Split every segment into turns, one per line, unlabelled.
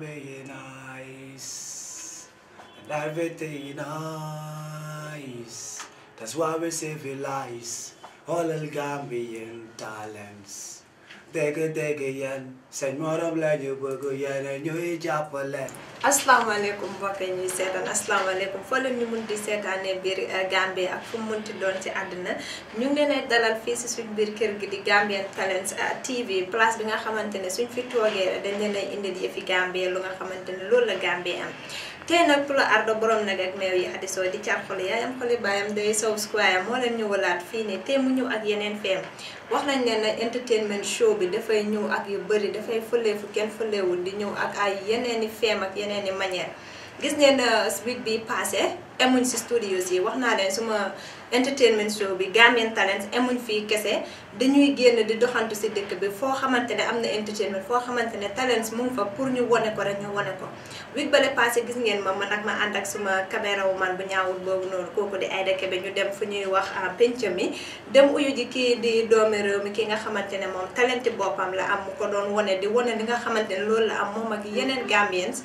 being nice. And everything nice. That's why we civilize all Gambian talents. dégg-dégg yéen sa morom la ñu bëgg yéen a ñuy jàppale.
asalaamaaleykum mbokk yi ñuy seetaan asalaamaaleykum foo leen ñu mun di seetaanee biir eh, Gambie ak fu mu munti doon ci àddina ñu ngi leen dalal fii si suñ biir kër gi di Gambian Talents eh, TV place bi nga xamante ne suñ fi toogee dañ leen a indil yëfi Gambie lu nga xamante ne loolu la Gambie am. tey nag Pula Ardo borom nag ak meew yi xadisoo di caar xoli yaayam xoli baayam day sow square moo leen ñëwalaat fii nii te mu ñëw ak yeneen feem wax nañ leen ne entertainment show bi dafay ñëw ak yu bëri dafay fëleefu kenn fëlewul di ñëw ak ay yeneen yeneeni feem ak yeneen yeneeni manière gis ngeen week euh, bi passé emuñ si studios yi wax naa ne suma entertainment show bi Gambian Talents emuñ fii kese dañuy génn di doxantu si dëkk bi foo xamante ne am na entertainment foo xamante ne talents mu fa pour ñu wone ko rek ñu wane ko week bale passé gis ngeen ma man ak ma ànd ak suma caméra man bu ñaawul boobu noonu kooku di Aida Kebe ñu dem fu ñuy wax ah, penc mi dem uyu ji kii di doomi réew mi ki nga xamante ne moom talenti boppam la am mu ko doon wane di wane li nga xamante ne loolu la am moom ak yeneen Gambians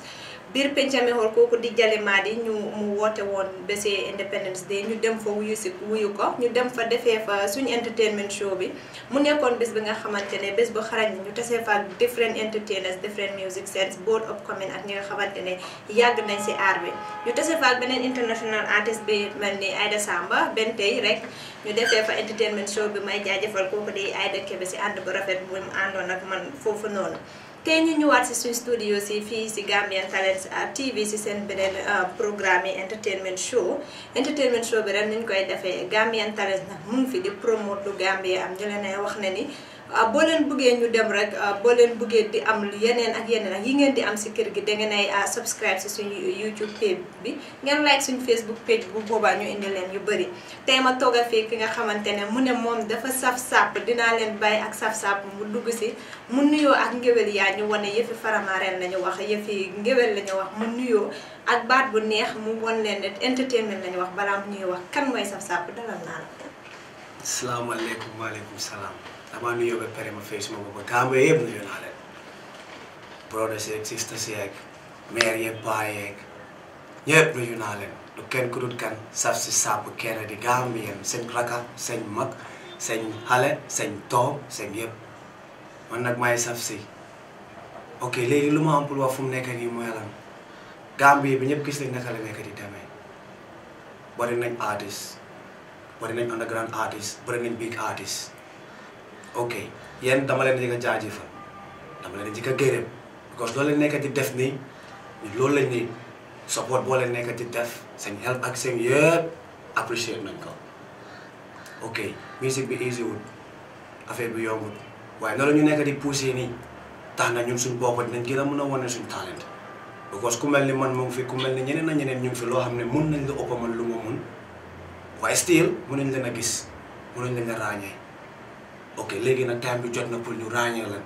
biir pencami xool kooku di jale maadi ñu mu woote woon bésee Independence Day ñu dem fa wuyu si wuyu ko ñu dem fa defee fa suñ entertainment show bi mu nekkoon bés bi nga xamante ne bés bu xarañ ñu tasee fa different entertainers different music sets both upcoming ak ñi nga xamante ne yàgg nañ si aar bi ñu tasee fa beneen international artist bi mel ni Aida Samba benn tey rek ñu defee fa entertainment show bi may jaajëfal kooku di Aida si ànd bu rafet bu mu àndoon man foofu noonu tey ñu ñëwaat si suñu studio si fii si Gambian Talents TV si seen beneen euh, programme yi entertainment show entertainment show bi ren ni koy defee Gambian Talents nag mu fi di promote lu Gambia am ñu leen wax na ni. bolen bëggé ñu dem rek bolen bëggé di am yenen ak yenen ak yi ngeen di am ci kër gi da ngeen ay subscribe ci suñu YouTube page bi ngeen like suñu Facebook page bu boba ñu indi leen yu bëri téma toga fi ki nga xamantene mu ne mom dafa saf sap dina leen bay ak saf sap mu dugg si mu nuyo ak ngeewel ya ñu yefi farama ren lañu wax yefi ngeewel lañu wax mu nuyo ak baat bu neex mu won leen entertainment lañu wax balaa mu ñuy wax kan moy saf sap dalal na
la. wa alaykum salam Avant nuyoo ba pare ma fay suma bopp Gambia yëpp nuyu naa leen brothers yeeg sisters yeeg mère yeeg paa yeeg ñëpp nuyu naa leen du kenn ku dul kan saf si saabu kenn di Gambien seen raka seen mag seen xale seen doom seen yëpp man nag maay saf si ok léegi lu ma am pour fu mu nekk nii mooy lan Gambie bi ñëpp gis nañ naka la nekk di demee bari nañ artiste bari nañ underground artiste bari nañ big artiste ok yen dama leen di nga jaajëfal dama leen di because loolu lañ nekkati def nii loolu lañ support boo leen nekkati def seen help ak seen appreciate nañ ko ok music bi easy wul affaire bi yombul waaye noonu la ñu nekkati poussé nii tax na ñun suñ bopp dinañ gën a mën suñ talent because ku ni man mu fi ku mel ni ñeneen na ñeneen ñu fi loo xam ne mun nañ la man lu ma still mënuñ leen a gis mënuñ leen ok léegi nag time bi jot na pour ñu ràññee leen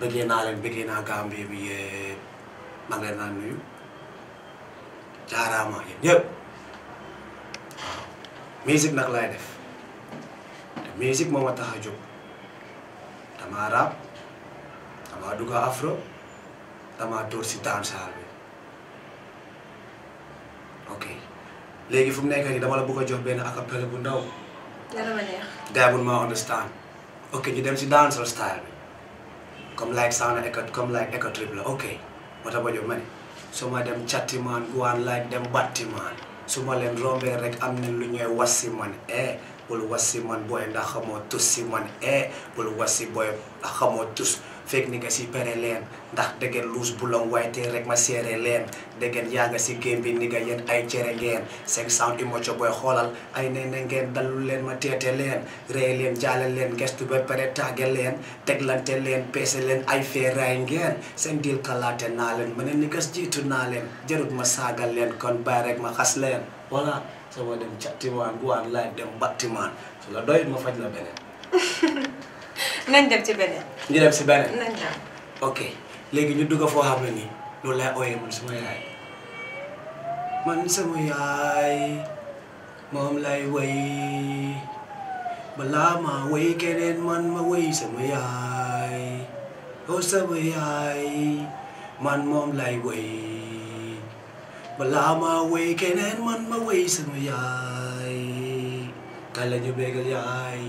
bëggee naa leen bëggee naa Gambie bi yëpp maa ngi leen jaaraama yéen ñëpp nag laay def te musique moo tax a jóg dama rap dama dugg afro dama tóor si dansal bi ok léegi fu mu nekk nii dama la bëgg a jox benn acapella bu ndaw guy would more understand ok ñu dem si dancehall style bi comme like sound echo comme like echo trip la ok wata ba jox ma ne su ma dem catti maan guwaan like dem batti su ma leen rombee rek am na lu ñooy wasi man eh bul wasi man booy ndax xamoo tus si man eh bul wasi booy xamoo tus fek ni nga si pere len ndax degen luus bu long wayte rek ma séré len degen yaaga si game bi ni nga yeen ay ciéré ngeen 500 sound imo ci boy xolal ay neene ngeen dalul len ma len leen len leen len leen gestu be pere tagge len teglante len pese len ay ray ngeen sen dil kalaté na len mané ni gas jiitu na len jarut ma sagal len kon ba rek ma xass len voilà sama dem chattimaan guwaan laay dem battimaan so la doy ma faj la benen
nañ dem ci beneen.
ñu dem si beneen. nañ dem ok léegi ñu dugg foo xam ne nii loolu laay ooyee man sama yaay man sama yaay moom lay way balaa ma way keneen man ma way sama yaay oh sama yaay man moom lay way. balaa ma wéy keneen man ma wéy sama yaay kala ñu bégal yaay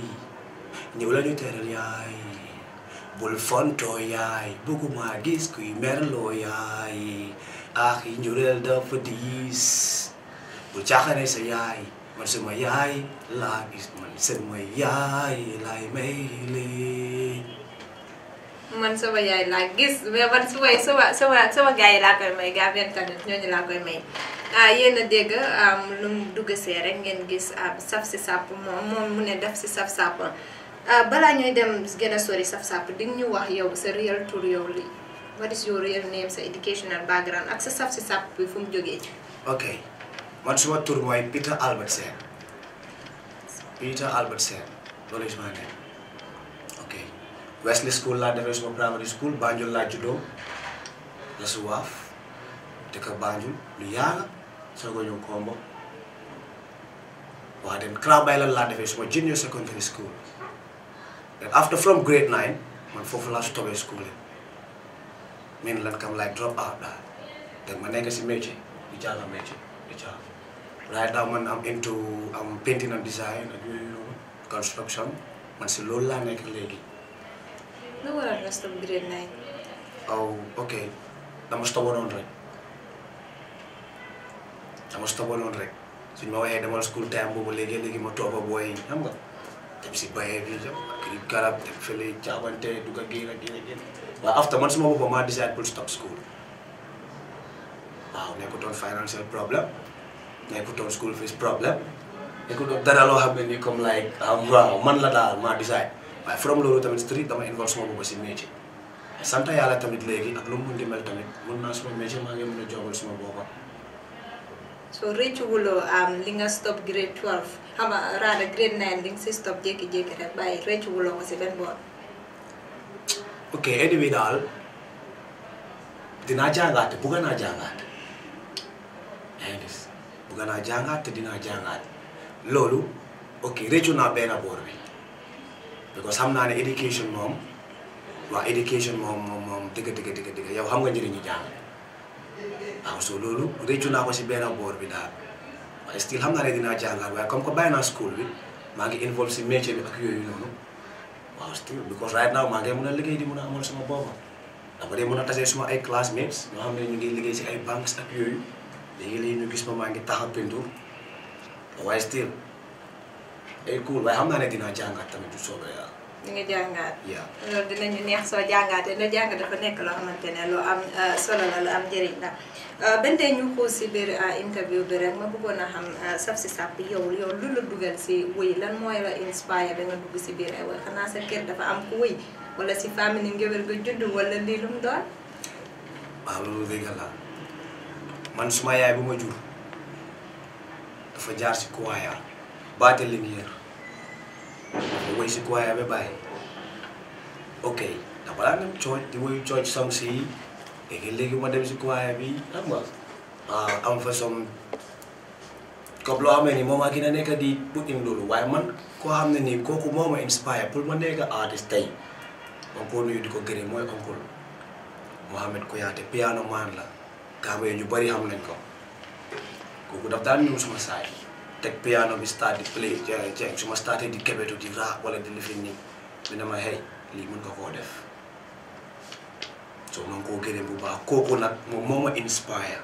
ñëw la ñu teral yaay bul fontoo yaay bëgguma gis kuy merloo yaay ah yi njureel dafa diis bul caaxane sa yaay man sama yaay laa gis man sama yaay laa
gis man su may sama sama sama gars laa koy may gaa benn tamit ñooñu laa koy may ah yéen a dégg lu dugg see ngeen gis saf si sàpp moom moom mu ne def si saf sàpp Uh, bala ñuy dem gëna sori saf sàpp di ñu wax yow sa real tour yow li what is your real name sa educational background ak sa saf si sàpp bi fu mu ci
okay man suma tour moy Peter Albert Sen Peter Albert Sen lolé suma né okay Wesley school laa defee suma primary school Banjul laa judo, la su waaf ka Banjul lu yaala sa go ñu combo wa dem Krabay la la suma junior secondary school then after from grade nine man foofu laa stoppé schooling miin lan kam like drop out daal then ma nekk si métier di jànga métier man am into painting and design ak construction man si loolu laa nekk léegi.
lu waral nga stop grade nine.
aw oh, ok dama stopanoon rek dama stopanoon rek suñ ma waxee demal school time boobu léegi léegi ma toog a booy xam nga. Psikoevism, Kirikara, Tefele, Chavante, Dugagina, Ginagin. But after months more, Mama decided to stop school. Wow, they could on financial problem, they could on school fees problem. They could have done a lot of you come like, um, wow, man la dal, ma decide. But from Lolo Tamil Street, I'm involved small was in nature. Sometimes I like Tamil Legi, Aglum Mundimel Tamil, Munasma Major Mangam Jobs Maboba.
So, Rich Wulo, um, Linga stop grade 12. xam nga raada grade nine bi si stop jékki-jékki rek bàyyi rëccu wuloo ko si benn boor.
ok edi bi daal dinaa jàngaat te bugga naa jàngaat yaa ngi gis bugga naa te dinaa jàngaat loolu ok rëccu naa benn boor bi because xam naa ne éducation moom waa éducation moom moom moom dëgg dëgg dëgg dëgg yow xam nga njëriñu jàng waaw ah, so loolu rëccu naa ko si benn boor bi daal. waaye still xam naa ne dinaa jàngal waaye comme que bàyyi naa school bi maa ngi involve si métier bi ak yooyu noonu waaw still because right now maa ngi mun a liggéey di mun a amal sama booba dama dee mun a tasee suma ay classmates ñoo xam ne ñu ngi liggéey si ay banques ak yooyu léegi léegi ñu gis ma maa ngi taxaw peinture waaye still day cool waaye xam naa ne dinaa jàngat tamit du soobee yàlla
ñu ngi jàngaat loolu dinañu neex soo jàngaatee loo jàng dafa nekk loo xamante ne am eh, solo la eh, eh, lu am njëriñ la ban tey ñu xuus si biir interview bi rek ma bëggoon a xam saf si sàpp yow yow lu la dugal si wëy lan mooy la inspire ba nga dugg si biir ay way xanaa sa kër dafa am ku wëy wala si famille ngéwél nga judd wala lii lu mu doon
waaw loolu dëgg la man suma yaay bu ma jur dafa jaar si kuwaaya baate lingeer woy si choir ba bàyyi ok ndax balaa nga cooj di woyu cooj songs yi léegi-léegi ma dem si choir bi xam nga am fa som comme loo xam ne nii moom a gën a nekk di put in loolu waaye man koo xam ne nii kooku moo ma inspire pour ma nekk artiste tey moom koo nuyu di ko gërëm mooy oncle Mohamed Kouyaté piano man la gaa ñu bari xam nañ ko kooku daf daan ñëw sama saay teg piano bi start di play jeeg su ma starté di kebetu di ra wala di lifin nii mu nga koo def so ma koo gërëm bu baax kooku nag moom moo ma inspire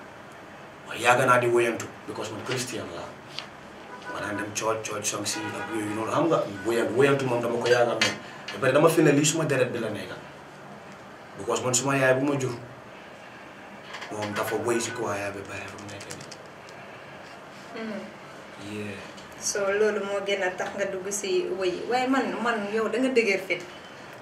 ma naa di woyantu because man christian la ma dama ko yàggal moom ba pare suma deret bi la yaay bu ma jur moom dafa woy si ko waayaa ba pare mu nekk
nii mm-hmm. Iya. so lo lo mo gen atak nga dugg si wëy waaye man man yo da nga ya, yo fit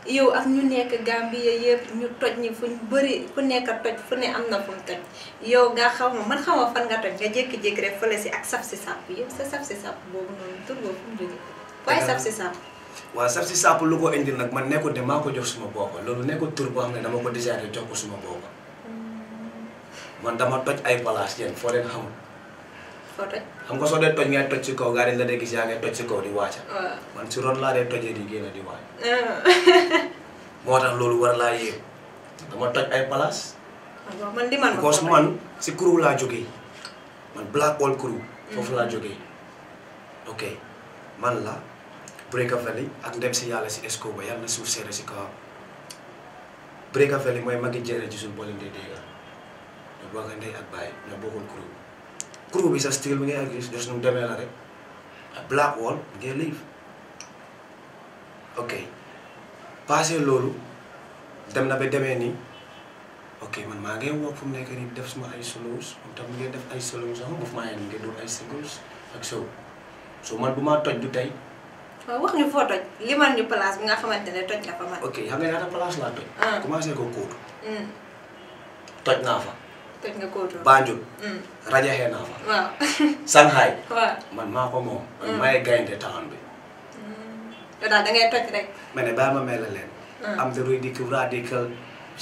yow ak ñu nekk gambia ya, yëpp ya, ñu toj ñi fuñ bëri ku nekk toj fu ne am na toj yow xaw man xaw fan nga toj nga jek jek rek si ak saf si sàpp yow sa saf si sap boobu non tur bo fu mu jógee saf si sap
waaw saf si sap lu ko indi nak man neko de maa ko jox suma lo loolu neko tur bo xam ne dama ko designé jox ko suma bopp
mm.
man dama toj ay palas yéen fo leen xamul ko toj xam nga soo dee toj ngay toj ci kaw gaa dañ la dee gis yaa ngay toj ci kaw di wacha man ci ron laa dee tojee di génn di wacha ah. moo tax loolu war laa yéem dama toj ay place
man di man because man
si crew la jógee man black wall crew foofu la mm. jógee ok man la break Breka Valley ak dem si yàlla si Escoba yàlla na suuf seere si kawam Breka Valley mooy magi jere ci suñ boo leen dee déggal bo bokk ndey ak bàyyi ñoo bokkul crew crew bi sax still mi ngay agree des nu demee la rek black wall mi ngay leave ok passé loolu dem na ba demee nii ok man maa ngi woo fu mu nekk def suma ay solos moom tam ngeen def ay solos sax moom maa ngi doon ay singles ak sow so man bu maa toj du tey.
Oh, wax ñu foo toj limal ñu place bi nga xamante ne toj nga fa man.
ok xam nga ñaata place laa toj. commencé ko kóotu. toj naa fa.
toj nga Koto Banjul. Mm.
rajaxe naa fa. waaw. Shanghai. waaw man maa ko moom. Mm. man maay gaynde taxan bi.
Mm. yow daal da ngay
ma ne bàyyi ma mel la leen. am the radical radical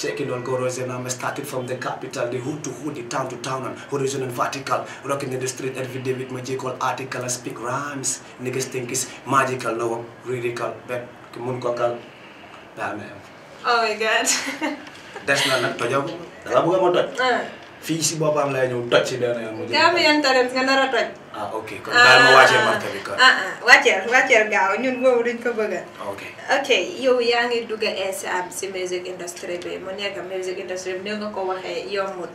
shaking on corrosion. I'm started from the capital, the hood to hood, the town to town, and horizon and vertical. Rocking in the street every day with magical article. I speak rhymes. Niggas think it's magical, no, radical. But mun ko kal. Bàyyi
oh my god.
des na nag tojaguma. dama bëgg a ma toj. Ah. fii si boppam lay ñëw toj si benn yoon.
Gambian Talents nga nar a toj.
ah ok kon baal ma wacce marka bi kon. ah
ah wacce wacce gaaw ñun boobu duñ ko bëgg ok ok yow yaa ngi dugg ESAM ah, ci music industry bi mu nekk ya music industry bi nga ko waxee yombut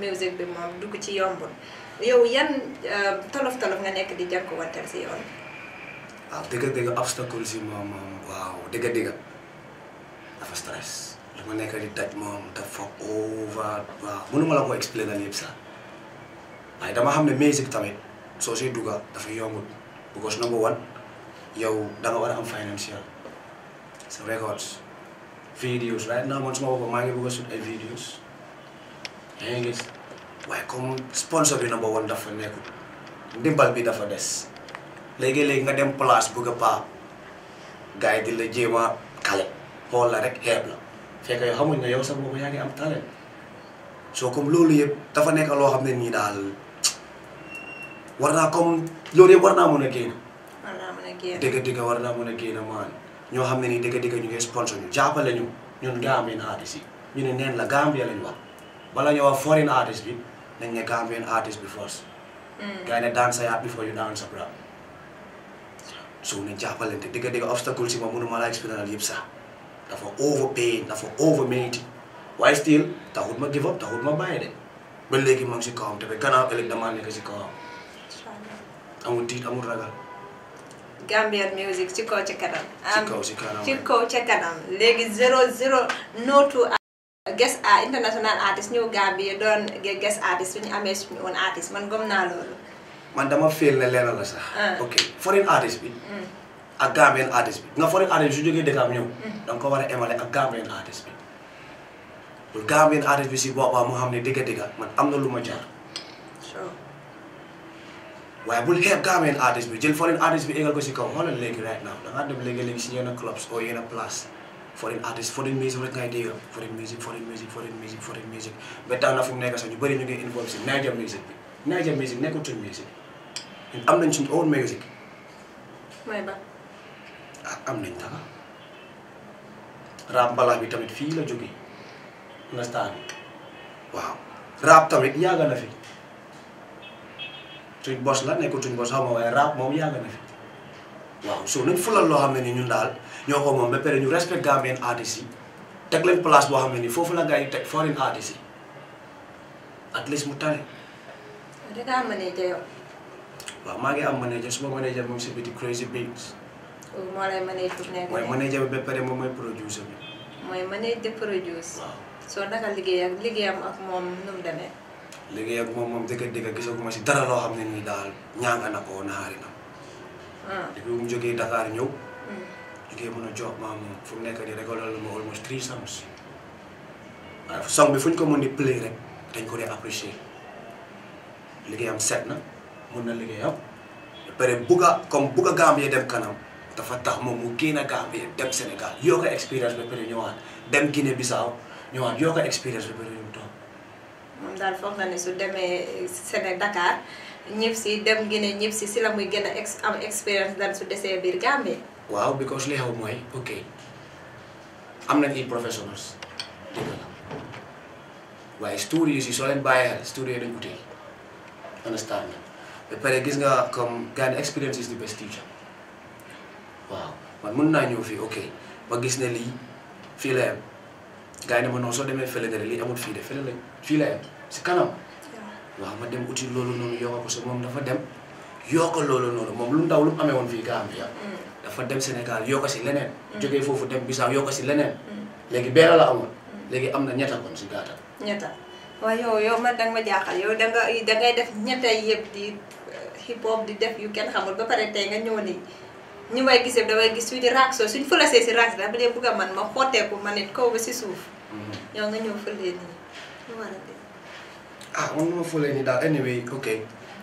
music bi moom dugg ci yombut yow yan eh, tolof tolof nga nekk ya di jakk watal ci yoon. ah dëgg dëgg
obstacle si moom waaw dëgg dëgg dafa stress. li ma nekk di daj moom dafa over waaw mënuma la ko expliquer yëpp sax waaye dama xam ne musique tamit soo siy dugga dafa yombut because number one yow da war a am financial sa records videos right now man suma bopp maa ay videos yaa ngi gis waaye comme sponsor bi number one dafa nekkul ndimbal bi dafa des léegi-léegi nga dem place bëgg a paa yi di la jéem a kale xool rek xeeb la fekk yow xamuñ ne yow sax boobu yaa ngi am talent soo comme loolu yëpp dafa nekk loo xam ne nii daal war naa comme loolu yëpp war naa mën a génn. war naa mën war naa mën a génn maan ñoo xam ne nii dëgg dëgg ñu ngi sponsor ñu jàppale ñu ne neen la Gambia lañ wax bala ñu wax foreign artist bi nañ ne Gambian artist bi first. Mm. gars yi obstacle si ma mënuma laa expliqué yëpp sax. dafa overpaid dafa overmade waaye still taxut ma give up taxut ma bàyyi de ba léegi ma ngi si kawam te ba gannaaw ëllëg damaa nekk si kaw
ci kanam. ci kanam léegi zero zero no two guest international artist ñëw Gambie doon guest artist suñu amee suñu own artist man gëm loolu.
man dama féel ne leena la sax. Ah. ok foreign artist bi. Mm. ak Gambian artist bi nga foreign artist bi su jógee dëkkam ñëw. da ko war a emale ak Gambian artist bi. loolu Gambian artist bi si boppam moo xam ne dëgg dëgg man am na lu ma jaar. waaye bul xeeb Gambian artist bi jël foreign artist bi égal ko si kaw xoolal léegi right now da ngaa dem léegi-léegi si yenn clubs oo yenn place. foreign artist foreign music rek ngay dégg foreign music foreign music foreign music foreign music ba tax na mu nekk ñu bëri ñu ngi involve si Niger bi am nañ suñu own music. may am nañ dara raab balaa bi tamit fii la jóge nastaan waaw raab tamit yàgg na fi suñ bos la nekkul suñ bos xawma waaye raab moom yàgg na fi waaw so nañ fulal loo xam ne ni ñun daal ñoo ko moom ba pare ñu respect Gambian artistes yi teg leen place boo xam ne ni foofu la gars yi teg foreign artistes yi at least mu tane. waaw maa ngi am manager suma manager moom si biti crazy beats
moo lay mën a tourné. mooy manager
bi ba pare moom mooy producer bi.
mooy manager produce. waaw soo naka liggéey ak liggéeyam ak moom nu demee.
liggéey ak moom moom dëgg-dëgg gisaguma si dara loo xam ne nii daal ñaanga na ko naari na. Ah. depuis bu mu jógee Dakar ñëw. jógee hmm. mën a jox maam fu mu nekk nii récolté lu ma almost three songs. waaw bi fu ñu ko mën di play rek dañ ko dee apprécier liggéeyam set na mun na liggéeyam. ba pare bugga comme bugga Gambie dem kanam. dafa tax moom mu génn Gambie dem Sénégal yoo ko expérience ba pare ñëwaat dem Guinée Bissau ñëwaat yoo ko expérience ba pare ñu toog.
moom daal foog na ne su demee Séné Dakar ñëpp si dem Guinée ñëpp si si la muy gën a ex am expérience daal su desee biir Gambie.
waaw because li xew mooy ok am nañ ay professionnels dëgg la waaye studio si soo leen bàyyi xel studio dañ utee understand ba pare gis nga comme gan experience is the best waaw man mën naa ñëw fii ok ba gis ne lii fii la yem gars yi ne ma non soo demee fële nga lii amul fii de fële la fii la yem si kanam waaw ma dem uti loolu noonu yokk ko si moom dafa dem yokk loolu noonu moom lu ndaw lu mu amee woon fii Gambia mm. dafa dem Sénégal yokk si leneen mm. jógee foofu dem Bissau yokk si leneen mm. léegi benn la amoon léegi am na ñetta kon si gaata.
ñetta waaw yow yow man nga ma jaaxal yow da ngay def ñetta yëpp di eh, hip hop di def yu kenn xamul ba pare tey nga ñëw nii ñi may gisee damay gis fii di raak soo suñ fëlasee si raak dafa dee bëgg man ma xotteeku ma nit kaw ba si suuf. Mhm. yow nga ñëw fëlee nii lu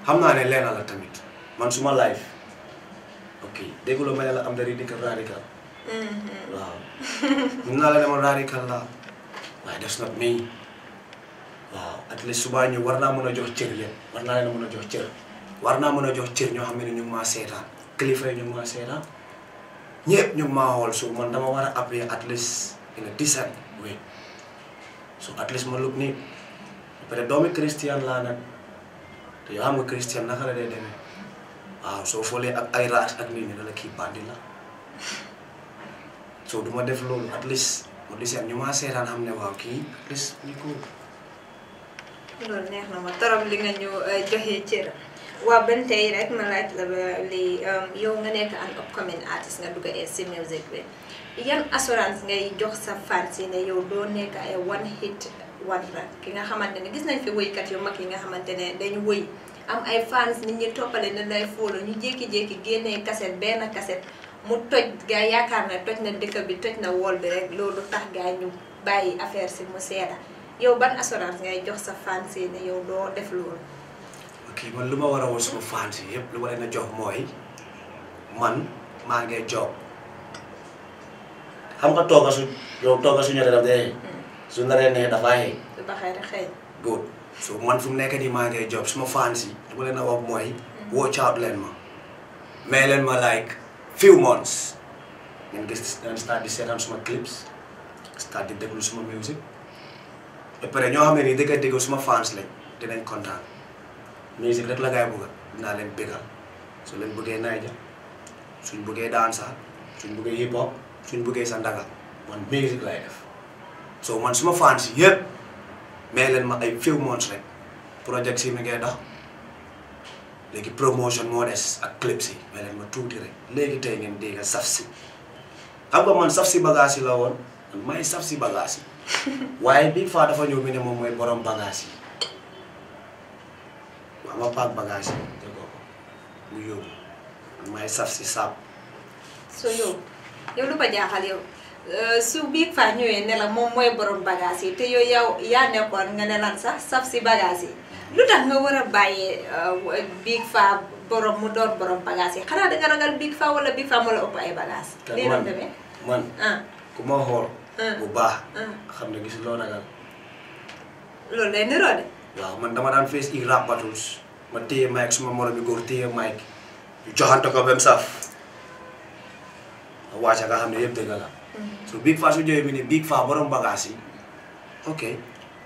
ah man xam naa ne leena la man suma live ok déggu la ma ne la am dari dikka radical.
Mhm.
waaw mun naa la demal radical la waaye that's not me waaw at least subaa ñu war naa mën a jox cër yéen war naa leen a a jox cër war naa mën a jox cër ñoo xam ne ñu ngi maa seetaan. kilifa yi ñoom nyep Seera ñëpp ñu so man dama wara a at least in a decent way so at least ma look ni pada domi christian lana, to te yoo christian na la dee demee waaw soo foolee ak ay raas ak ni ni dala ki bandi so duma def at least ma decent ñu maa seetaan xam ne waaw ki at least ni ko
loolu neex na ma torop li nga waaw ban tey rek ma laaj la li um, yow nga nekk an upcoming artist nga dugg si music bi yan assurance ngay jox sa fans yi ne yow nekk ay one hit ki nga xamante ne gis nañ fi woykat yu mag yi nga xamante ne dañu woy am ay fans nit ñi toppale ne lay fóolo ñu jékki-jékki génnee kaset benn kaset mu toj gaa yaakaar na toj na dëkk bi toj na wool bi rek loolu tax gaa ñu bàyyi affaire si mu yow ban assurance ngay jox sa fans ne yow doo def loolu
kii man lu ma war a woo suma fans yi yëpp lu ma leen a jox mooy man maa ngi jox xam nga tooga su yow tooga su ñoree daf dee su naree nee dafa xëy. xëy rek xëy. man fu mu nekk di maa ngee job suma fans yi lu ma leen mooy. watch out leen ma. mais leen ma like few months. ngeen gis ngeen start di seetaan suma clips start di déglu suma music ba pare ñoo xam ne nii dëgg-dëgg suma fans lañ dinañ kontaan. musique rek la gaay bëgga dinaa leen bégal su leen bëggee naija suñ buggee dansa suñ bëggee hip hop suñ bëggee sa ndaga man musique lay def so man suma fans yëpp mais leen ma ay few months rek projet si mi ngay dox léegi promotion moo des ak clip si mais ma tuuti rek léegi tey ngeen dégg saf si xam nga man saf si bagage yi la woon man may saf si bagage yi waaye bii faa dafa ñëw mi ne moom mooy borom bagage yi ang paak bagage te ko mu may sap si sap.
so yow yow lu ko jaaxal yow eh, su biig fa ya, ñëwee ne la moom mooy borom bagage yi te yow yow yaa nga ne lan sax si bagage lu dah nga war a big fa borom mu doon borom bagage yi xanaa da nga big fa wala biig fa mu la ëpp ay bagage lii la
man ku ma xool bu baax xam ne gis na ragal
loolu lay niroo de
waaw man dama i ma téye Mike suma moromi góor téye Mike ñu joxante ko ba mu saf waaja nga xam ne yëpp dëgg la mm-hmm. so Big Faa su ñëwee mu ne Big Faa borom bagage yi ok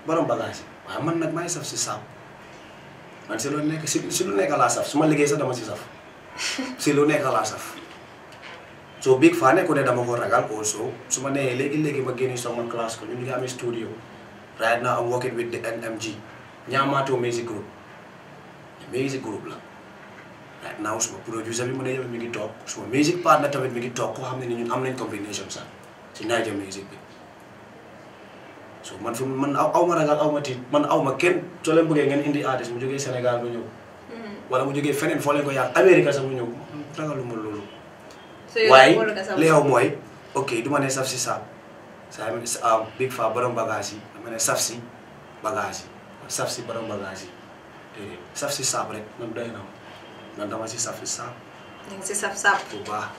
borom bagage yi waaye man nag maay saf si saab man si lu nekk si lu nekk laa saf su ma liggéey sax dama si saf si lu nekk laa saf so Big Faa nekku ne dama ko ragal also su ma nee léegi-léegi ma génne sama classe ko ñu ngi amee studio right now I'm working with the NMG Ñaamaatoo Music Group music group la right now suma producer bi mu ne mi ngi toog suma music partner tamit mi ngi toog koo xam ne ni ñun am nañ combination sax ci Naija music bi so man fi man aw ma ragal aw ma tiit man aw ma kenn soo leen bëggee ngeen indi artiste mu jógee Sénégal mu ñëw
mm-hmm.
wala mu jógee feneen foo leen ko yàq Amérique sax mu ñëw ragalu ma loolu waaye li yow mooy ok du ma ne saf si saab saa big fa borom bagage yi dama ne saf si bagage yi saf si borom bagage Iya. saf si saab rek nam doy na nan dama si saf si saab sab
ngi si saf di bu baax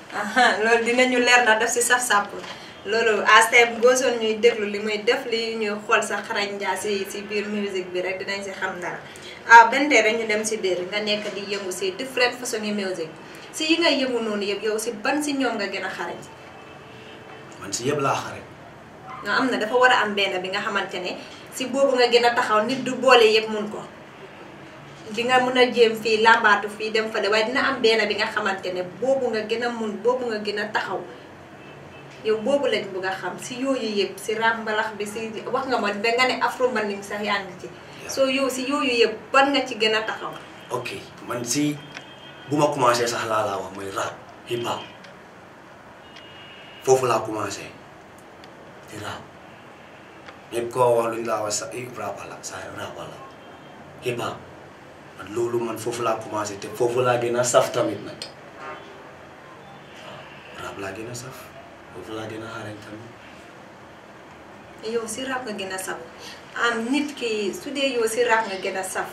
loolu dinañu leer na def si saf saab loolu astem gosoon ñuy déglu li muy def li ñuy xool sa xarañ si si music musique bi rek dinañ si xam dara ah de rek ñu dem si dér nga nekk di yëngu si different façon yi music si yi nga yëngu non yëpp yow si ban si nyonga nga gën
man si yeb laa xarañ
nga am na dafa wara am benn bi nga si boobu nga gën a taxaw nit du ko li nga mëna jëm fi lambatu fi dem fa de waaye dina am benn bi nga xamantene bobu nga gëna mën bobu nga gëna taxaw yow lañ bu nga xam si yoyu yëpp si rambalax bi si wax nga ma be nga ne afro ni sax yaa So ci so yow si yoyu yëpp ban nga ci gëna taxaw
ok man si buma commencé sax la la wax moy rap hip hop fofu la commencé di rap ñep ko wax luñ la wax sax hip la rap hip hop loolu man foofu laa commencé te foofu laa gën a saf tamit nag waaw laa gën a saf foofu laa gën a xarañ tamit.
yow si rab nga gën a saf nit ki su dee si rap nga gën a saf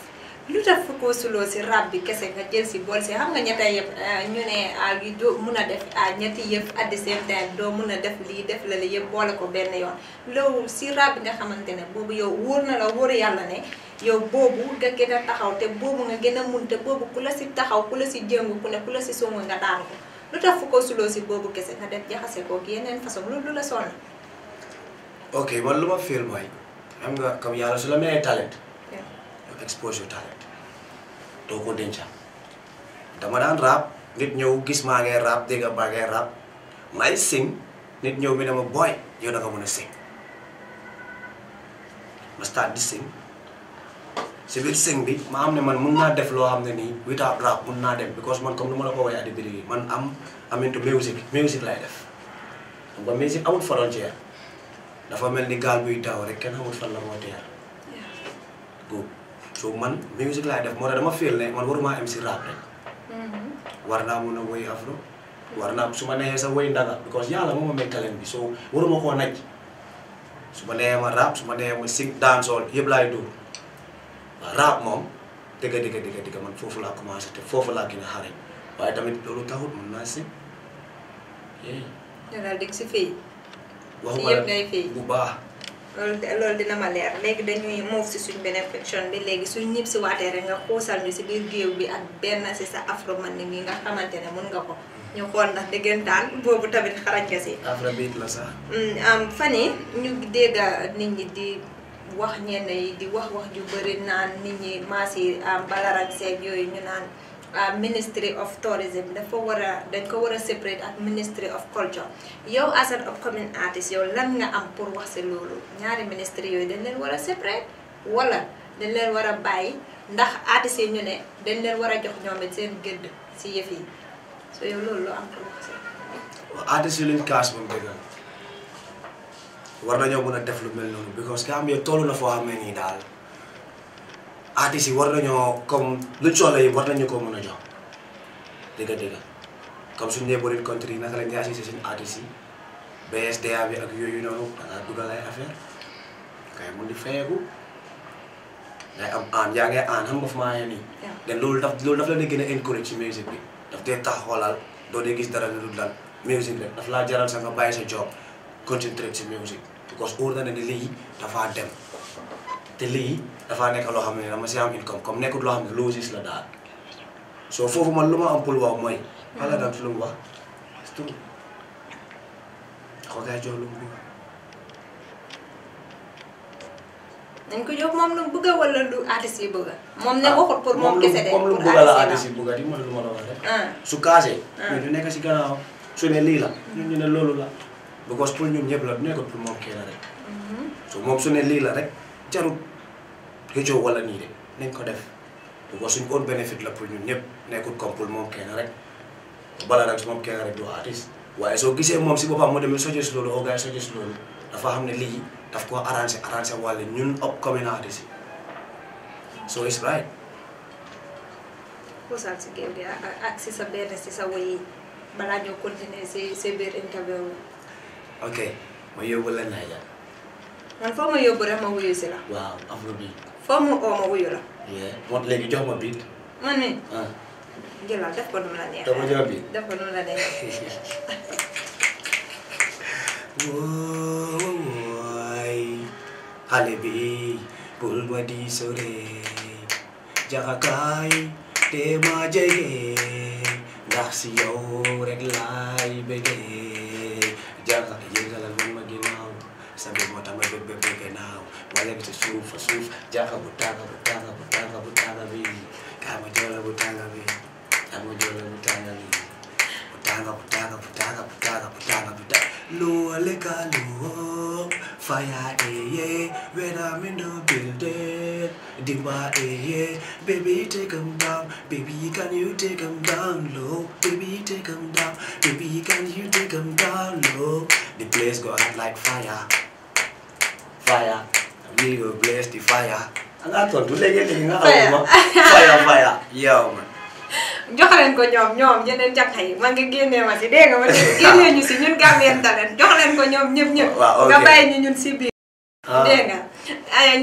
lu tax ko suloo si rab bi kese nga jël si bool si xam nga ñetti yëpp euh, ñu ne ah, li doo a def ah, ñetti yëpp at the same doo mun a def lii def la la yëpp boole ko benn yoon loolu si rap nga xamante ne boobu yow wóor na la wóor yàlla ne. yow bobu nga gën a taxaw te bobu nga gëna munte mun kula boobu ku la si taxaw ku la si jëngu ku ne ku la songu nga daan ko lu tax fu ko sulo ci bobu kese nga def jaxase ya koog yeneen façon lu lu la sonn.
ok man luma feel moy xam nga kam ya su la talent. Ya. expose your talent do ko dencha dama daan rap nit ñew gis ma ngay rap dégg nga ngay rap may sing nit ñew mi dama boy yow da nga mëna sing ma start di sing si biir sing bi ma amne ne man mun na def lo xam ni without rap mun na dem because man comme nu la ko waye adi bi man am am into music music lay def ba music amul frontière dafa melni ni buy daaw rek ken amul fan la mo teer go so man music lay def mo ra dama feel ne man waruma am si rap rek mm-hmm. warna mo mun a afro warna, naa su ma neexee sa way ndaga because yalla mo ma talent bi so waruma ko naj su ma neexee ma rap su ma neexee ma sing dancehall yeb lay do raab moom dëgg dëgg dëgg dëgg man foofu laa commencé te foofu laa gën a xarañ waaye tamit loolu taxut mën naa si.
da daal bu baax. loolu loolu dina ma leer léegi dañuy move si suñ beneen bi léegi suñ ñib si waatee rek nga xuusal ñu si biir géew bi ak benn si sa afro man ni mi nga xamante ne mun nga ko. ñu xool ndax dëggantaan boobu tamit xarañ nga si.
afro beat la sax.
Mm, fan yi ñu dégg nit ñi di. wax ñene yi di wax wax ju bari naan nit ñi maas yi balarag seeg yoy ñu naan ministry of tourism dafa war a dañ ko wara separate ak ministry of culture yow as an upcoming artist yow lan nga am pour wax ci lolu ñaari ministry yoy dañ leen wara separate wala dañ leen wara bayyi ndax artist yi ñu ne dañ leen wara jox ñoom seen gëdd si yëf yi so yow lolu am pour wax ci
artist yi luñ kaas bu war nañoo mën a def lu mel noonu because Gambia toll na foo xam ne nii daal artistes yi war nañoo comme luñ soxla yi war nañu ko mën a jox dëgg dëgg comme suñu neighboring country yi naka lañ di assisté suñu artistes yi BSDA bi ak yooyu noonu da ngaa mun di fayeeku ngay am aan yaa ngay aan xam nga fu nii. den loolu daf loolu daf la gën a encourage ci musique bi daf dee tax xoolal doo dee gis dara lu dul lan musique daf laa jaral sax nga bàyyi sa job. concentrate ci music because óor na ne ne lii dafaa dem te lii dafaa nekk loo xam ne dama si am income comme nekkul loo xam soo foofu man lu ma am pour waaw mooy xala dam si lu a wala lu ah, lu
bëgg ah.
ah. nekk si gannaaw lii la ñu ne loolu la because pour ñun ñëpp la du nekkul pour moom kii la rek.
Mm-hmm.
so moom su ne lii la rek jarut xëccoo wala nii de nañ ko def because suñ own benefit la pour ñun ñëpp nekkul comme pour moom kii la rek bala nag moom kii la rek du artiste waaye soo gisee moom si boppam moo demee sojee loolu au gars sojee loolu dafa xam ne lii daf ko arrangé arrangé wàll ñun upcoming artiste yi so it's right.
xuusal si géew gi ak si sa benn si sa woy balaa ñoo continuer si si biir interview Ok, ma Okay,
Moyobola Naija.
Man fo Moyobola ma wuyu si la. Waaw, Afrobeat. Fo mu oo oh, ma wuyu la.
Yeah, bon léegi jox ma beat. Ma mi? Ah.
Jëlal, def ko nu mu la neexee. Dama jox beat. Def ko nu mu la neexee.
Hale bi bul ma di sore te ma jege Rasio reglay bege Jaga yega la gumma ginaw Sabi mo tama bebe bege naw Wala bisa sufa sufa Jaga butaga butaga butaga butaga bi Kamu jola butaga bi Kamu jola butaga bi Butaga butaga butaga butaga butaga butaga Low like a low Fire eh yeah When I'm in the building Diva eh yeah Baby take 'em down Baby can you take 'em down low Baby take 'em down Baby can you take 'em down low The place go out like fire Fire We will blaze the fire the aton of ni nga Fire fire Yeah man
jox leen ko ñoom ñoom yeneen jànq yi man nga génnee ma si dégg nga ma génnee ñu si ñun Gambian Talents jox leen ko ñoom ñëpp ñëpp nga bàyyi ñu ñun si biir ah. dégg nga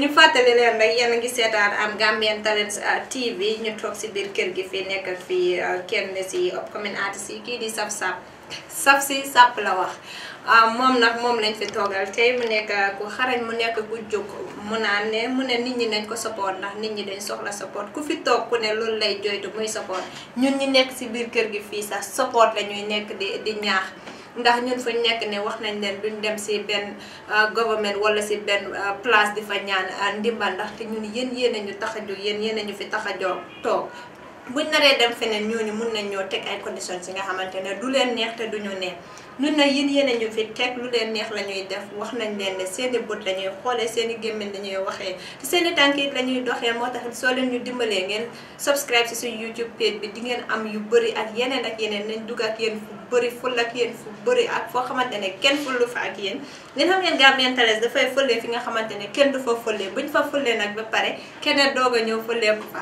ñu fàttali leen rek yéen a ngi seetaan am Gambian Talents ah, TV ñu toog si biir kër gi fii nekk fii ah, kenn si upcoming artist yi kii di saf sap saf si sàpp la wax moom nak mom lañ fi togal tay mu nek ku xarañ mu nek ku juk mu naan ne mu ne nit ñi nañ ko support ndax nit ñi dañ soxla support ku fi tok ku ne loolu lay joytu muy support ñun ñi nek si biir kër gi fi sax support la ñuy nekk di di ñaax ndax ñun fu ne wax nañ leen duñ dem si ben euh, government wala si ben euh, place di fa ñaan euh, ndimbal te ñun yeen yen ñu taxaju yeen yeen yéen ñu fi taxaju tok buñ naré dem fenen ñooñu mën nañ ñoo tek ay conditions yi nga xamantene du leen neex te duñu neex lu ne yéen yeneen ñu fi teg lu leen neex la ñuy def wax nañ leen ne seen i bët la ñuy xoolee seen i gémmiñ la waxee te seen i tànk la ñuy doxee moo tax soo leen ñu dimbalee ngeen subscribe si suñu YouTube page bi di ngeen am yu bëri ak yeneen ak yeneen nañ dugg ak yéen fu bëri ful ak yéen fu bëri ak foo xamante ne kenn fullu fa ak yéen ngeen xam ngeen Gambian Talents dafay fëlee fi nga xamante ne kenn du fa fëlee buñ fa fëlee nag ba pare keneen doog a ñëw fëlee ko fa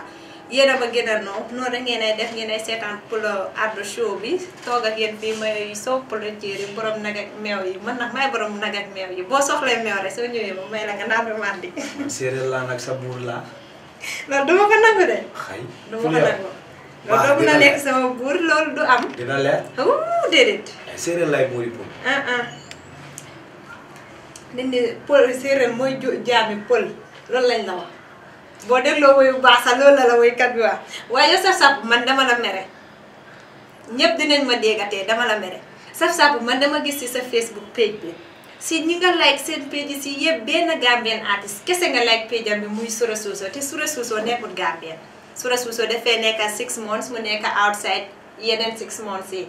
yena ba ma no no noob noonu rek ngeen ay def ngeen ay pour le Ardo show bi toga ak bi may mayo yi soo Pulo borom nag ak mew yi man nak may borom nag ak mew yi bo soxlee mew rek so ñëwee mo may la nga naan mandi.
séeréer la nak sa la
la do ma ko nangu de.
xay do ma ko nangu.
do loolu dina sama bour loolu du am. dina leer wuu déedéet.
Eh, séeréer lay buuri pour.
ah ah. Nindi pour Pël moy mooy jaami Pël loolu lañ la wax. boo dégloo woy bu baax sax loolu la la kat bi waa waaye saf-saf man dama la mere ñëpp dinañ ma déggatee dama la mere saf-saf man dama gis ci sa Facebook page bi si ñi nga like seen page si yëpp benn Gambian artiste kese nga like page am bi muy Sura Suso te Sura Suso nekkul Gambian Sura Suso dafee nekka six months mu nekka outside yeneen six months yi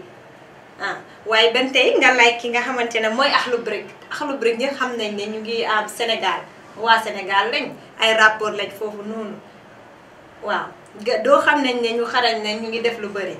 ah waaye benn tey nga like ki nga xamante ne mooy Akhlou Brick Akhlou Brick ñëpp xam nañ ne ñu ngi am ah, Sénégal waa Sénégal lañ ay rapport lañ foofu noonu waaw doo xam nañ ne ñu xarañ ne ñu ngi def lu bëri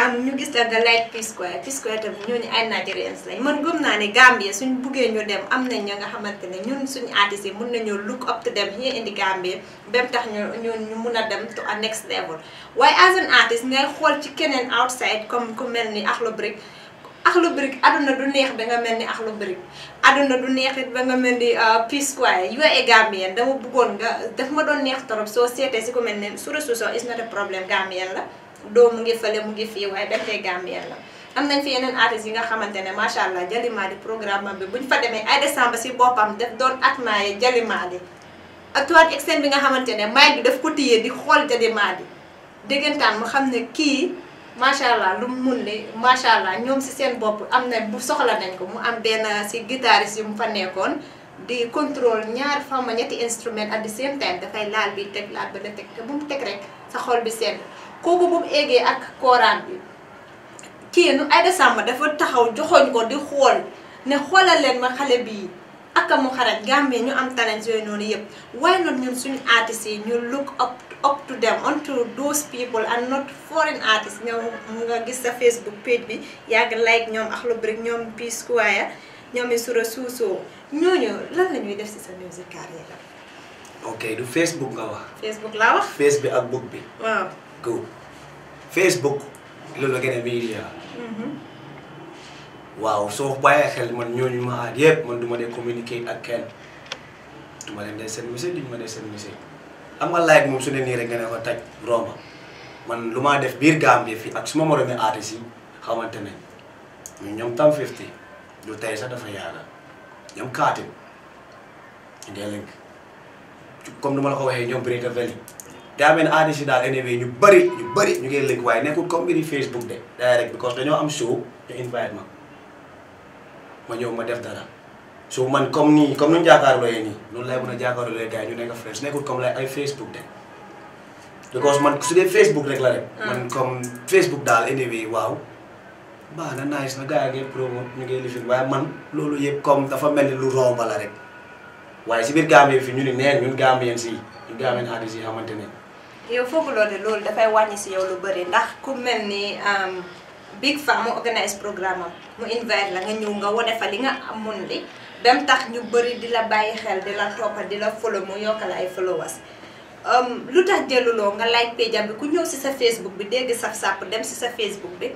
am ñu gis la nga like Peace Square Peace Square tamit ñooñu ay Nigerians lañ mën gëm naa ni Gambia suñ buggee ñu dem am nañ ña nga xamante ne ñu suñu artistes yi mun nañoo look up to dem here in the Gambia bam tax ñu ñu mun a dem to a next level waaye as an artist ngay xool ci keneen outside comme ku mel ni Akhlou Brick axlu brick aduna du neex ba nga mel ni axlu brick aduna du neexit ba nga mel ni euh, P-Square you are a Gambian dama bëggoon nga daf ma doon neex torop soo seetee si ku mel ne Souré Sosso is not a problem Gambian la doo mu ngi fële mu ngi fii waaye ba tey Gambian la am nañ fi yeneen artistes yi nga xamante ne macha allah Jalimaadi programme bi bu ñu fa demee ay décembre si boppam daf doon atmaaye Jalimaadi ak tuwaat externe bi nga xamante ne maay bi daf ko téye di xool Jalimaadi déggantaan mu xam ne kii macha allah lu mu mun li macha allah ñoom si seen bopp am na bu soxla nañ ko mu am denn uh, si guitariste yu mu fa nekkoon di contrôle ñaar fama ñetti instrument at the same time dafay laal bi teg laal ba la teg bu mu teg rek sa xool bi sedd kooku bu mu eggee ak kooraan bi kii nu Aida Samb dafa taxaw joxoñ ko di xool ne xoolal leen ma xale bii. ak mo xarat gambe ñu am talent yoy noonu yëpp why not ñun suñu artiste yi ñu look up up to them on those people and not foreign artists nga nga gis sa Facebook page bi yàgg like ñoom Akhlou Brick ñoom P Square ñoom Issoura Suso ñooñu lan la ñuy def si sa music carrière
ok du Facebook nga wax.
Facebook la wax.
facebook bi ak book bi. waaw go Facebook loolu la gën a media. Mm-hmm waaw soo bàyyee xel man ñooñu ma aar yëpp man du ma dee communiquer ak kenn du ma leen dee seen message duñu ma dee seen message xam nga like moom su ne nii rek nga ne ko taj roma man lu beer, def biir Gambie fii ak suma moromi artistes yi xamante nañ ñu ñoom tam 50 du tey sax dafa yàlla ñoom kaatim ndee link comme nu ma la ko waxee ñoom Brita Valley daa mel artistes yi daal anyway ñu bëri ñu bëri ñu ngi link waaye nekkul comme mbiri Facebook de direct because dañoo am show ñu invite ma ma ñëw ma def dara su man comme nii comme nuñu jaakaarlooyee nii loolu lay mën a jaakaarlooyee gars yi ñu nekk friends nekkul comme lay ay Facebook de because man su dee Facebook rek la rek mm. man comme Facebook daal anyway waaw baax na nice na gars yi ngay promo ñu ngi lifin waaye man loolu yëpp comme dafa mel ni lu romb la rek waaye si biir Gambie fi ñu ni neen ñun Gambien si ñun Gambien artistes yi xamante ne
yow fooguloo loolu dafay wàññi si yow lu bëri ndax ku mel um, big femme moo organise programme am mu invite la nga ñëw nga wone fa li nga amoon li ba mu tax ñu bëri di la bàyyi xel di la toppa di la follow mu yokkal ay followers lu tax jëluloo nga like page am bi ku ñëw si sa facebook bi dégg saf sàpp dem si sa facebook bi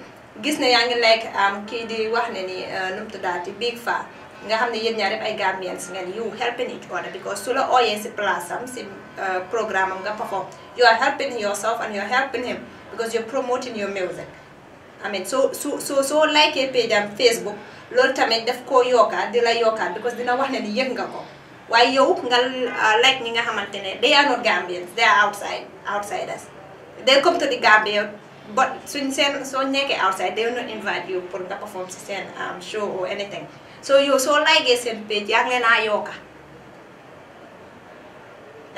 gis ne yaa ngi like am kii di wax ne ni euh, nu daal tuddaati big femme nga xam ne yéen ñaar yëpp ay Gambians ngeen you helping each other because su la ooyee si place am si euh, programme am nga perform you are helping yourself I mean, so so so so like page on Facebook loolu tamit daf koo yokkaat di la yoka, because dina wax ne ni yëg ko Why you ngal uh, like ñi nga they are not Gambians they are outside outsiders they come to the Gambia but so seen soo outside they will not invite you for the performance, si um, show or anything so you so like a page yaa ngi yoka.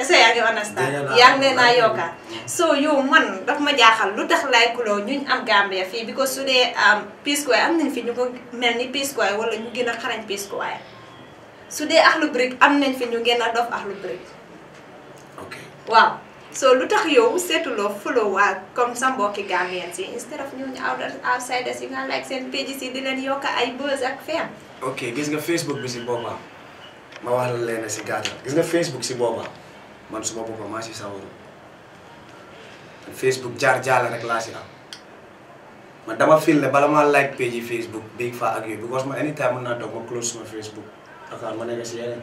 est-ce ya que yaa ngi understand yaa ngi so yow man daf ma jaaxal lu tax lay kuloo ñuñ am Gambia fi, bi ko su dee am nañ fi ñu ko mel ni wala ñu gën a xarañ Peace Corps su dee Akhlou am nañ fi ñu gën a dof Akhlou Brick ok waaw so lu tax yow seetuloo follow waa comme sa mbokki Gambians yi instead of ñooñu outside, yi nga like seen page yi di leen yokk ay buzz ak feem
ok gis nga Facebook bi si boppam ma wax la leen si gàttal gis nga Facebook si boppam man suma boppam ma ci sawru Facebook jar jala rek la ci am man dama bala ma like page Facebook Big fa ak because ma anytime na do toog close ma Facebook ak ma nekk ci yene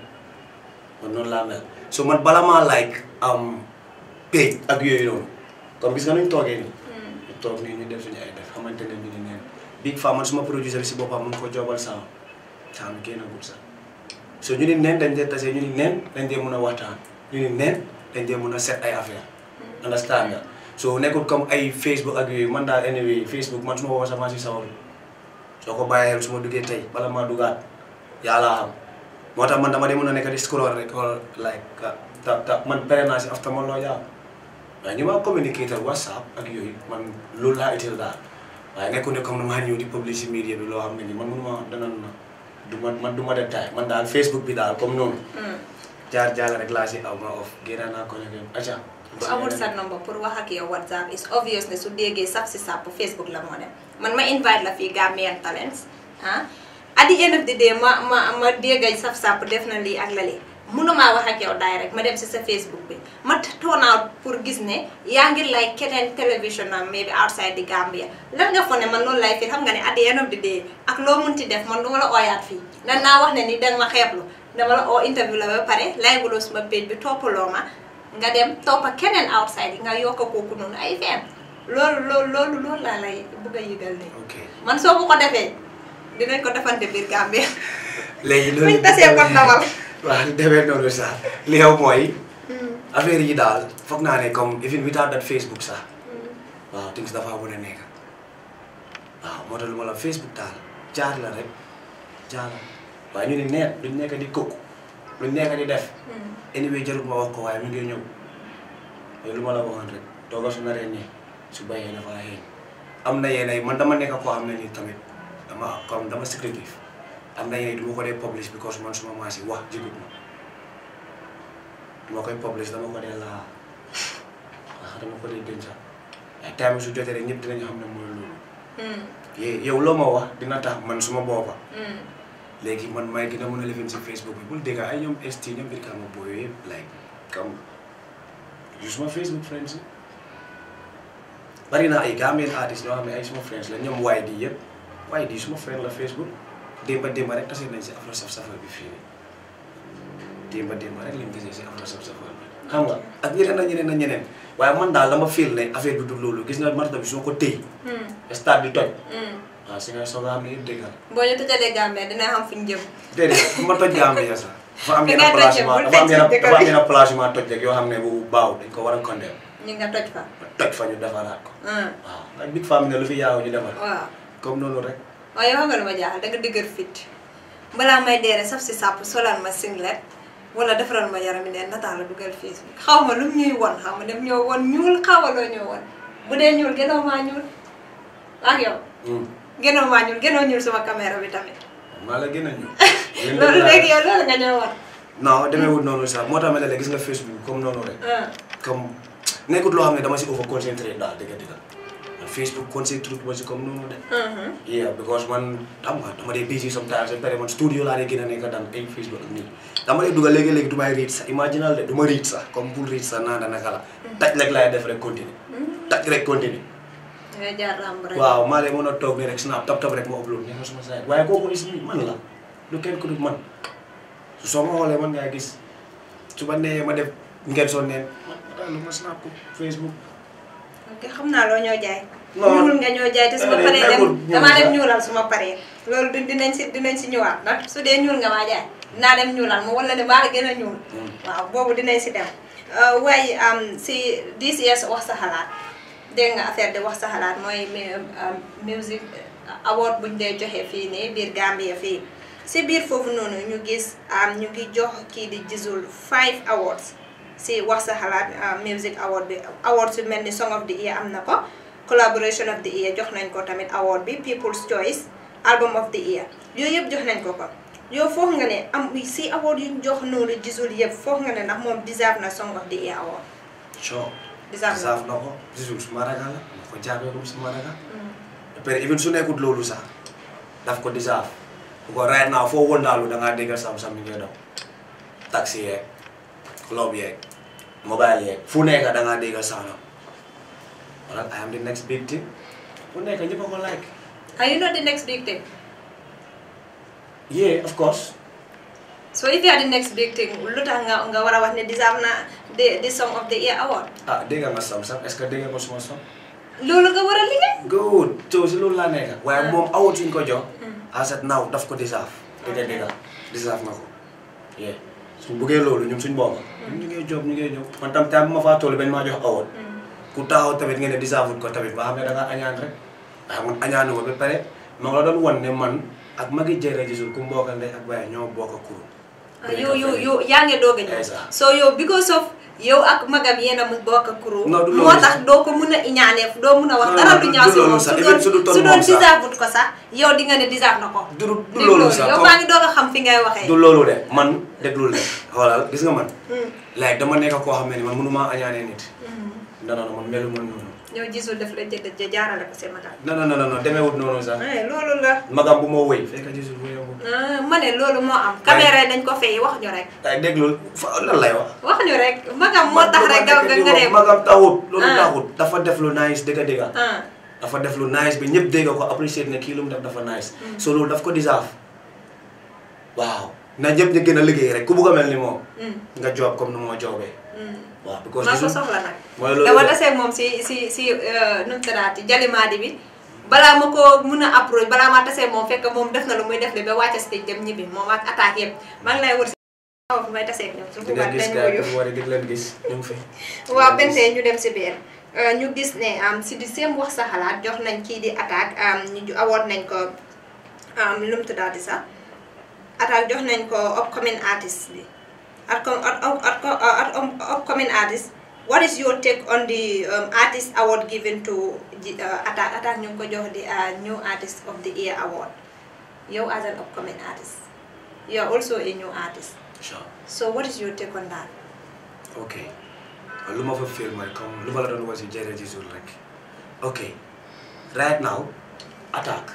man non la mel so man bala ma like am page ak yooyu noonu comme gis nga hmm. ñu toogee ni tok ni ñu def ñu ay def xamantene ni ni neen Big fa man suma producer si bopam mu ko jobal sa so ñu ni neen dañ dé tassé ñu ni neen dañ dé mëna waxtaan ñu ne neen dañ dee mëna a ay affaire understand nga so nekkul comme ay facebook ak yoy man dal anyway facebook man suma woo man ci sawar soo ko bàyyee xel suma duggé tay bala ma dugaat ya la am tax man dama dee mëna nek di scroll rek or like ta ta man pere naa after man loo yaa waaye ñu ma communicateur whatsapp ak yoy man loolu laa utile daal waaye nekkul ne comme maa ñu di publish media bi lo xam ne nii man mënuma dana na du man man du man dal facebook bi dal comme non jaar jaar rek laa si aw ma off génn naa ko
sa pour wax ak yow whatsapp is obvious ne su déggee sap si sap facebook la moo dem man ma invite la fii Gambian Talents ah. sap sap na lii ak la mun mënumaa wax ak yow daay ma dem sa facebook bi ma toonaa pour gis ne yaa ngi like keneen télévision am maybe outside the Gambia lan nga ne man noonu xam nga ne at the end of the def man du ma la ooyaat fii dan naa wax ne ni danga ma xeeblu dama la oo interview la ba pare lay guloo suma page bi toppaloo ma nga dem toppa keneen outside yi nga yokk kooku noonu ay fenn loolu loolu loolu laa lay bëgg a yëgal ne man soo ko defee dinañ ko defante biir Gambie
léegi loolu buñ tasee kon nawal waaw demee noonu sax li xew mooy hmm. affaire yi daal foog naa ne comme even without that Facebook sax hmm. waaw things dafa mën nekk waaw moo tax lu ma la Facebook daal jaar la rek jaar la waaye ñu ne neet luñ nekk di kukk luñ nekk di def hmm. anyway jarul ma wax ko waaye mi ngi ñëw yooyu lu ma la waxoon rek toogal su naree nii su bàyyee dafa xëy am na yenn ay man dama nekk koo xam ne nii tamit dama comme dama secretif am na yenn du ma ko dee publish because man suma maas yi wax jigut ma du ma koy publish dama ko dee laa wax dama ko dee denc ay time su jotee rek ñëpp dinañ xam ne mooy loolu hmm. yow loo ma wax dina tax man suma booba hmm. léegi man may gën a mën a lifin si Facebook bi bul dégg ay ñoom ST ñoom biir kàmm booy yooyu yëpp like comme yu suma Facebook friends yi bari naa ay Gambian artistes ñoo xam ne ay suma friends la ñoom waay yëpp waay di suma friend la Facebook démba démba rek tase nañ si afro saf safar bi fii démba démba rek lañ gisee si afro saf safar bi xam nga ak ñeneen ak ñeneen. waaye man daal la ma fiir ne bi du loolu gis nga marta bi su ma ko téye. Hmm. stade bi toj. Hmm. waaw si nga soxla am nañu dégg.
boo ñu tojalee Gambie dina xam fu ñu
ma toj Gambie sax. dafa am yenn placement dafa am yenn dafa am toj rek yoo xam ne bu baaw dañ ko war a condamné. ñu nga toj fa. toj fa ñu defaraat ko. Hmm. waaw ak big famille ne lu fi yaaw ñu defar. waaw comme noonu rek.
waaw yow nga lu ma jaaxal da nga fit balaa may deere saf si sàpp solaan ma singlet wala defaral ma yaram yi ne nataala dugal Facebook xaw ma lum ñuy won xaw ma dem ñoo won ñuul xaw ma loo ñoo won bu dee ñuul gënoo maa ñuul ak yow. Hmm. gënoo maa ñuul gënoo ñuul sama caméra bi tamit.
maa la gën a ñuul. loolu léegi
yow loolu nga ñoo won.
non demeewul noonu sax moo tax ma ne la gis nga Facebook comme noonu rek. Ah. comme nekkut loo xam ne dama si over concentré daal dëgg-dëgg. Facebook conseil truc ma si comme noonu de. Mhm. yeah because man tam nga dama dee busy sometimes en pare studio la rek gën a nekk daan ay Facebook ak ni dama dee dugal léegi léegi du may read sax imaginal de du ma read sax comme pour read sa naan naka la. Mhm. tak rek lay def rek continue. Mhm. tak rek continue.
nga jaar làmb rek. waaw
maa leen mën a rek snap tap tap rek ma upload ñu suma saa waaye kooku is man la du kenn ku dul man su soo ma man ngaa gis su ma nee ma def ngeen sonn neen ma snap ko Facebook.
ok xam naa loo ñoo jaay. ñuul nga ñoo jaay te su ma paree dem damaa dem ñuulal su ma paree loolu du dinañ si si ñëwaat ndax su dee ñuul nga maa jaay dinaa dem ñuulal ma wala ne maa la gën a ñuul mm. waaw boobu dinañ si dem euh, waaye si 10 years wax sa xalaat dégg nga affaire wax sa mooy euh, music euh, award buñ joxe fii nii biir Gambia fii si biir foofu noonu ñu gis ñu ngi jox kii di gisul five awards si wax sa xalaat music award bi awards yu mel ni song di the am na ko collaboration of the year jox nañ ko tamit award bi people's choice album of the year yooyu yëpp jox nañ ko ko yow foog nga ne am si award yu jox noonu gisul yëpp foog nga ne ndax moom deserve na song of the year award.
sure deserve na ko gisul suma ragal la ko jaabee comme suma ragal. après mm. even su nekkut loolu sax daf ko deserve. because right now foo wëndaalu da ngaa dégg sam sam mi mobile yeeg fu nekk da ngaa dégg Alright, I am the next big thing. Oh, Unek, can you come like?
Are you not the next big thing?
Yeah, of course.
So if you are the next big thing, lu tax nggak nga wara deserve na the the song of the year award.
Ah, dia nggak sam sam. Eska dia nggak masuk nga ko
suma song?
Good. So si loolu lah nih. Waaye mom award suñ ko I said now daf ko deserve. Dégg dégg Deserve na Yeah. Su gelo, lu ñun suñ bokk. Ñu ngi job ñu ngi job. Man tam tam ma award. Hmm. ku taxaw tamit ngeen ne disaafut ko tamit ba xam ne da ngaa añaan rek waaye man añaanu ko ba pare ma nga doon wan ne man ak magi jëy rajisul ku mbokk ndey ak baay ñoo bokk a kuréel
ah, yow yow yow yaa so yow a mu bokk ak kuréel doo ko mun a iñaaneef doo mun a wax dara moom su doon ko sax yow di nga ne disaaf na ko du xam fi ngay waxee du
man déglul gis nga man hmm. laay dama nekk koo xam ne man mënumaa añaanee nit hmm. non non man melu ma noonu.
ñëw gisul daf la jënd jaarale ko seen magam.
non non non non noonu sax. Eh, magam bu ma wëy. fekk ah,
ma ne loolu moo am. caméra yi dañ ko fay wax ñu rek. lay wax. wax magam moo tax rek.
Ah. dafa def lu nice dëgg dëgg. Ah. dafa def lu nice bi ñëpp dégg ko apprécier ne kii lu mu def dafa nice. Hmm. so loolu daf ko deserve waaw na ñëpp ñu gën a liggéey rek ku bugg a mel ni moom. Hmm. nga joob comme nu moo joobee. masa ko soxla nag
da wala see si si si eh, terati jadi madi bi balaa ma ko mun a approche ma tasee moom fekk moom def na lu muy def li ba wàcce stage dem ñibbi moom ak attaque yëpp maa ngi lay wër si xaw fi may tasee ñoom su buggaat dañ ko yóbbu
war di leen gis ñu fi
waaw bentee ñu dem si biir eh, ñu gis ne di wax jox nañ di attaque ñu nañ ko lum ah. attaque jox nañ ko upcoming artist bi Uh, um, upcoming artists what is your take on the um, artist award given to uh, Attack Attack ñu uh, new artist of the year award You as an upcoming artist you are also a new artist. sure so what is your take on that.
ok Luma for film, feel mooy comme lu ma la doon wax si ok right now Attack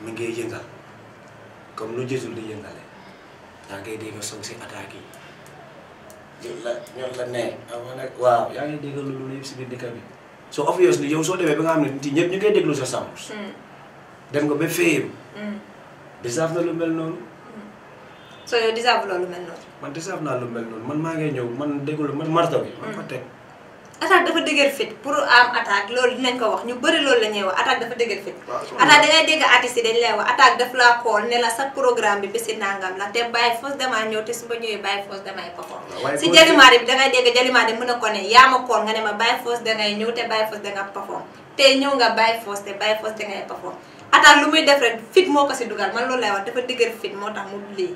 mi ngi yëngal comme lu Jizzle di dangay dégg song si ada lagi, ñun la ñun la ne xam nga nag waaw yaa ngi so obviously yow soo dia ba nga xam juga dia yi ñëpp ñu koy déglu sa deserve na mel hmm.
so yow ya, deserve loolu mel noonu
man deserve naa lu mel man maa ngi man man déglu man marta man ko
attaque dafa dëgër fit pour am attaque loolu dinañ ko wax ñu bëri loolu lañuy wax attaque dafa dëgër fit attaque da ngay dégg artistes yi dañ lay wax attaque daf la xool ne la sa programme bi bési nangam la te bàyyi foos dama ñëw te su ma ñëwee bàyyi foos damay perform si jalimaari bi da ngay dégg jalimaari mën a ko ne yaa ma xool nga ne ma bàyyi da ngay ñëw te bàyyi da nga perform te ñëw nga bàyyi foos te bàyyi da ngay perform attaque lu muy def rek fit moo ko si dugal man loolu lay wax dafa dëgër fit moo tax mu lii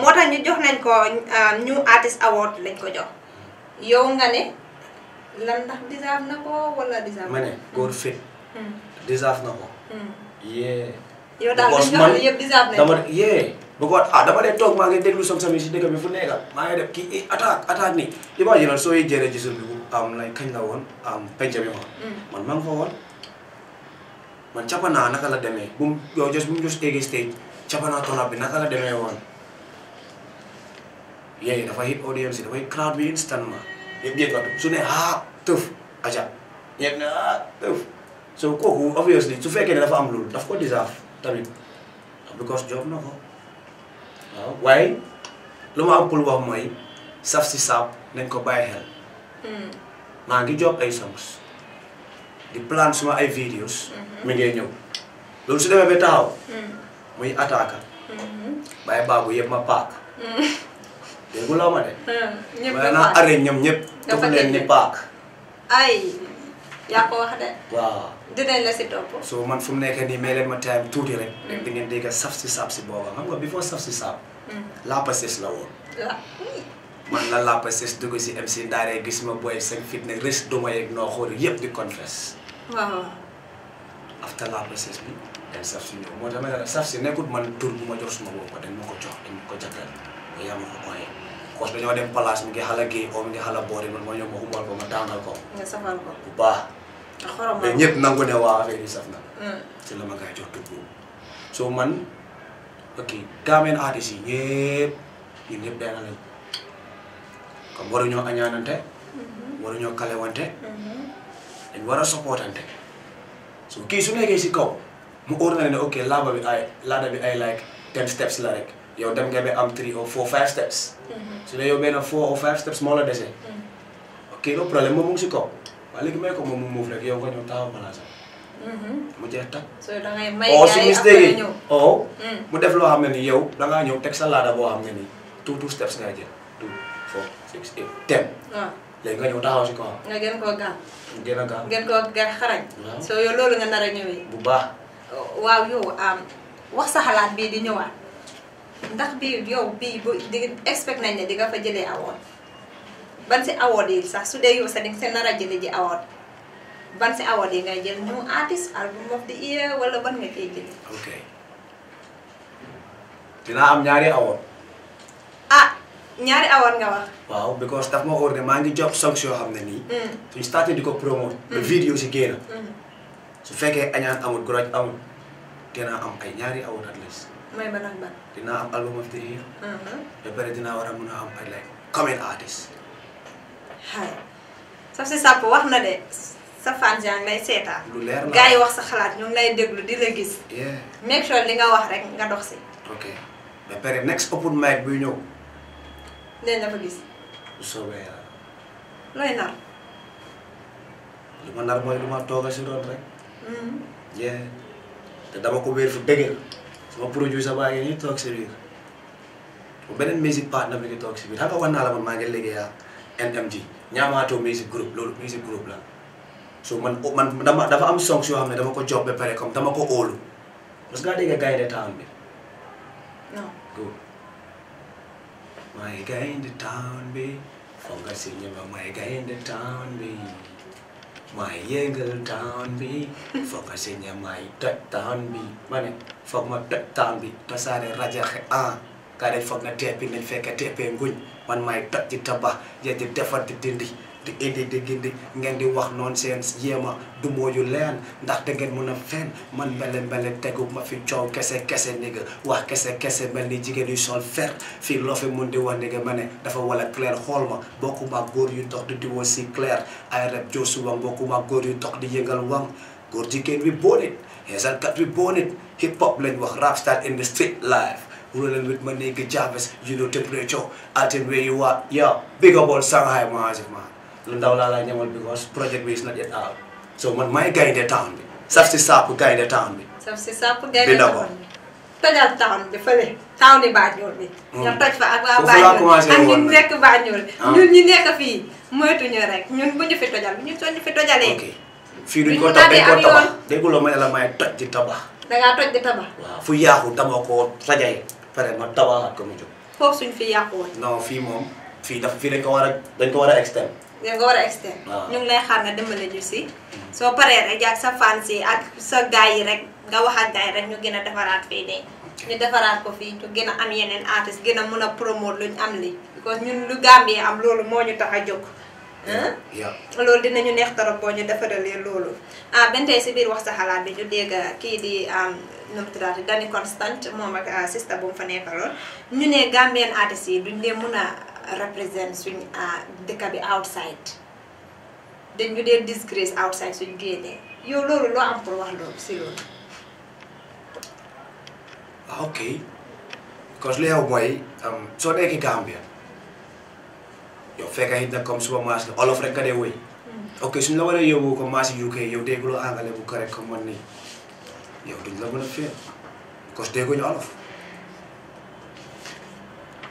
moo tax ñu jox nañ ko euh, new artist award lañ ko jox yow nga ne lan ndax disaaf na ko wala disaaf. ma ne góor fit. Hmm.
disaaf na ko. Hmm. yee. yow daal disaaf nañ ko yee. bu ko dama dee toog maa ngi déglu som sam yi si dëkk bi fu nekka maa ngi def kii eh, attaque attaque nii li ma jëloon soo yi jëre gisul bi am lay kañ la woon am penc bi woon hmm. man maa woon man capanaa naka la demee bu mu yow jos bu stage capanaa tonab bi naka la demee woon yéegi dafa hit audience dafa hit crowd bi instant ma 얘기해봐도 su ne ah tëf aja ñeent ne ah tëf so kooku obviously su fekkee ne dafa am loolu daf ko deserve tamit because job na ko waaw waaye lu ma am pour wax mooy saf si saab nañ ko bàyyi xel maa ngi job ay songs di plan suma ay videos mi ngay ñëw loolu su demee ba taxaw muy attaque bàyyi baabu yëpp ma paak la ma de.
Hmm, ñëpp naa
arrêté ñoom ñëpp. dafa leen ni paak.
ay yaa ko wax de. waaw dinañ la si topp. so
man fu mu nekk nii may ma time tuuti rek. rek hmm. di ngeen dégg saf si saab si booba xam nga before saf si saab. Hmm. laapasees la woon. man la si MC Ndaare gis ma booy seen fitna risque duma xool yëpp di confesse. waaw. after laapasees bi dem saf si moo tax ma ne nekkut man tur bu ma jox suma bopp dañ ma ko jox dañ ma ko jagleel. parce dañoo dem place mi ngi xala oo oh, mi ngi xala boori man ma ñëw ma xumbal ko ma tàngal bu baax.
Ah, xorom ñëpp nangu ne waa
affaire yi saf na. ci hmm. la ma soo man ok gaameen artistes yi ñëpp comme waruñoo añaanante. Mm-hmm. waruñoo kalewante. Mm-hmm. dañ war a supportante. so kii su nekkee si kaw mu óor na ne ok laaba bi ay laada bi ay like ten steps la rek. yow dem nga ba am three or four five steps. Mhm. su dee yow benn four or five steps moo la dese. Mhm. ok no problème moom mu ngi si kaw waaye léegi may ko moom mu muuf rek yow nga ñëw taxaw balaa sax. Mhm. mu jeex tàkk.
soo da ngay may yaay
mu def loo xam ne ni yow da ñëw teg sa laada boo xam ne nii two two steps ngay jël two four six eight ten. waaw léegi nga ñëw taxaw si kawam.
nga gën koo gaaw. gën a gaaw gën koo gaaw xarañ. yow loolu nga nar a ñëwee. bu baax. ñëwaat. ndax bi yow bi bu di expect nañ ne di nga fa jëlee award ban si award yi sax su dee yow sa di nga nar ji award ban si award yi ngay jël new artist album of the year wala ban nga koy jëlee.
ok dinaa am ñaari award.
ah ñaari award nga wax.
waaw because daf ma wóor ne maa ngi job songs yoo xam ne nii. Mm. suñu starté di ko promote. ba mm. vidéo si génn. Mm. su fekkee añaan amul goroj amul dinaa am ay ñaari award at least may banaan ban dina am album of the year ba pare dina war a mun a am ay like comme artist
hay saf si sàpp wax na de sa fans yaa lay seetaan lu leer la gars yi wax sa xalaat ñu ngi lay déglu di la gis make sure linga nga wax rek nga dox si
ok ba next open mic buy ñëw dinañ la fa gis soobee yàlla looy nar li ma nar mooy lu ma toog a si
mm-hmm.
yeah te dama ko wéer fu dëgër sama producer baa ngi nii toxic si biir music partner bi ngi toog si biir xam lagi ya la man NMG nyamato music group loolu music group la so man man dama dafa am song yoo xam dapat dama ko job ba pare comme dama ko óolu parce que gaa dégg de no? bi non guy in the town bi foog nga my guy in the town bi may yëngal town bi nga si ña may toj town bi ma ne foog ma toj town bi tasaare rajaxe ah kare foog na teppi nañ fekk teppee nguñ man may toj di tabax ja di defar di dindi te indi di gindi ngeen di wax noonu seen jéem a du mooyu leen ndax te ngeen mën a fen man mbele mbele tegu ma fi coow kese kese nigga wax kese kese mel ni jigéen yu sol fer fii loo fi mun di wax nigga ma ne dafa wala clair xool ma bokkuma góor yu dox di diwoo si clair ay rab joosuwam bokkuma góor yu dox di yëngal wam góor jigéen bi boonit xeesalkat bi boonit hip hop lañ wax rap style in the street life rolling with my nigga Jarvis, you know temperature. I'll tell where lu ndaw la lay ñamal because project bi is not yet out so man may gaynde town bi saf ci sap sàpp gaynde town bi
saf ci sap sàpp gaynde town bi tojal town bi fele town ni Banjul bi nga tax fa ak waa Banjul ak ñu nekk Banjul ah. ñun ñi nekk fi moytu ñu rek ñun bu ñu fi tojal ñu soñu fi tojalee
fi duñ ko tabé dañ ko tabax dégguloo may la may toj di tabax
da nga toj di tabax wa
fu yaaxu dama ko rajay pare ma tabaxaat ko mu jox
fofu suñ fi yaaxu woon
non fii moom fii dafa fii dañ ko wara dañ ko wara extend
yow nga wara a ñu ngi lay xaar nga dimbale ñu ci so paré ya, rek ak sa fans yi ak sa gaay rek nga wax ak gaay rek ñu gëna défarat fi fii ñu défarat ko fi ñu gëna am yenen artist gëna mëna promote luñ am li because ñun lu Gambie am loolu moo ñu jox a ya, jóg loolu ya. dinañu neex torop bo ñu defaralee loolu ah ben tay ci biir wax sa xalaat bi ñu dégg ki di am mu tuddaati Dani Constant mom ak ah, sister bu fa nekkaloon ñu ne gambien artiste yi duñ dé mëna represent suñ ah, dëkk bi outside dañ ñu dee disgrace outside suñ get yow loolu loo am pour wax loolu si loolu.
Ah, ok because li xew mooy um, soo nekkee Gambia yow fekk it nag comme suba maas la olof rek ka dee wéy. Mm. ok suñ la waree yóbbu ko maas yi UK yow dégg loo anglais bu correct comme man nii yow duñ la mën a féer because dégguñu olof.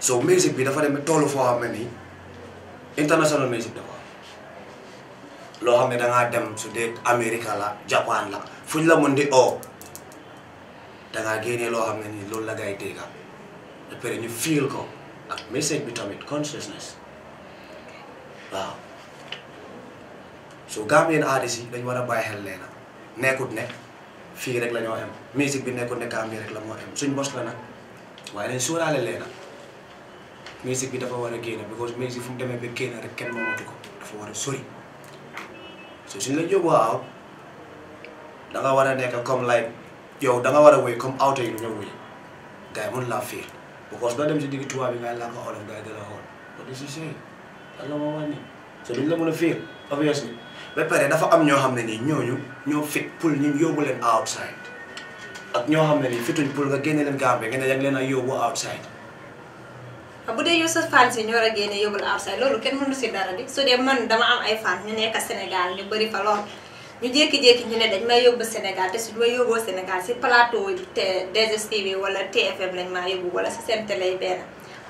so musique bi dafa dem toolu foo xam ne nii international musique dafa loo xam ne dangaa dem su dee Amérique la Japan la fu ñu la mën di oo dangaa génnee loo xam ne nii loolu la ngay dégga ba pare ñu fiil ko ak message bi tamit consciousness waaw so gaam artistes yi dañ war a bàyyi xel leena nekkut ne fii rek la ñoo am bi nekkut ne Gambie rek la moo am suñ bos la nag waaye nañ sóoraale leena musique bi dafa war a génn because musique fu mu demee ba génn rek kenn moomatu ko dafa war a sori so suñ la jóg waaw da war a nekk comme like yow da war a wéy comme awte yi ñëw wéy gars yi mun laa fiir because doo dem si digg tubaab bi ngay làkk olof gars yi dala xool kon di si sëy lan la moo wàññi so duñ la mën a fiir obviously ba pare dafa am ñoo xam ne nii ñooñu ñoo fit pour ñu yóbbu leen outside ak ñoo xam ne nii fituñ pour nga génne leen Gambie nga ne
bu dee yow sa fans yi ñoo a génne yóbbu la outside loolu kenn mënu si dara di su dee man dama am ay fans ñu nekk Sénégal ñu bëri fa lool ñu jékki-jékki ñu ne dañ may yóbbu Sénégal te su ma yóbboo Sénégal si plateau yi te 2STV wala TFM lañ maa yóbbu wala si seen télé yi benn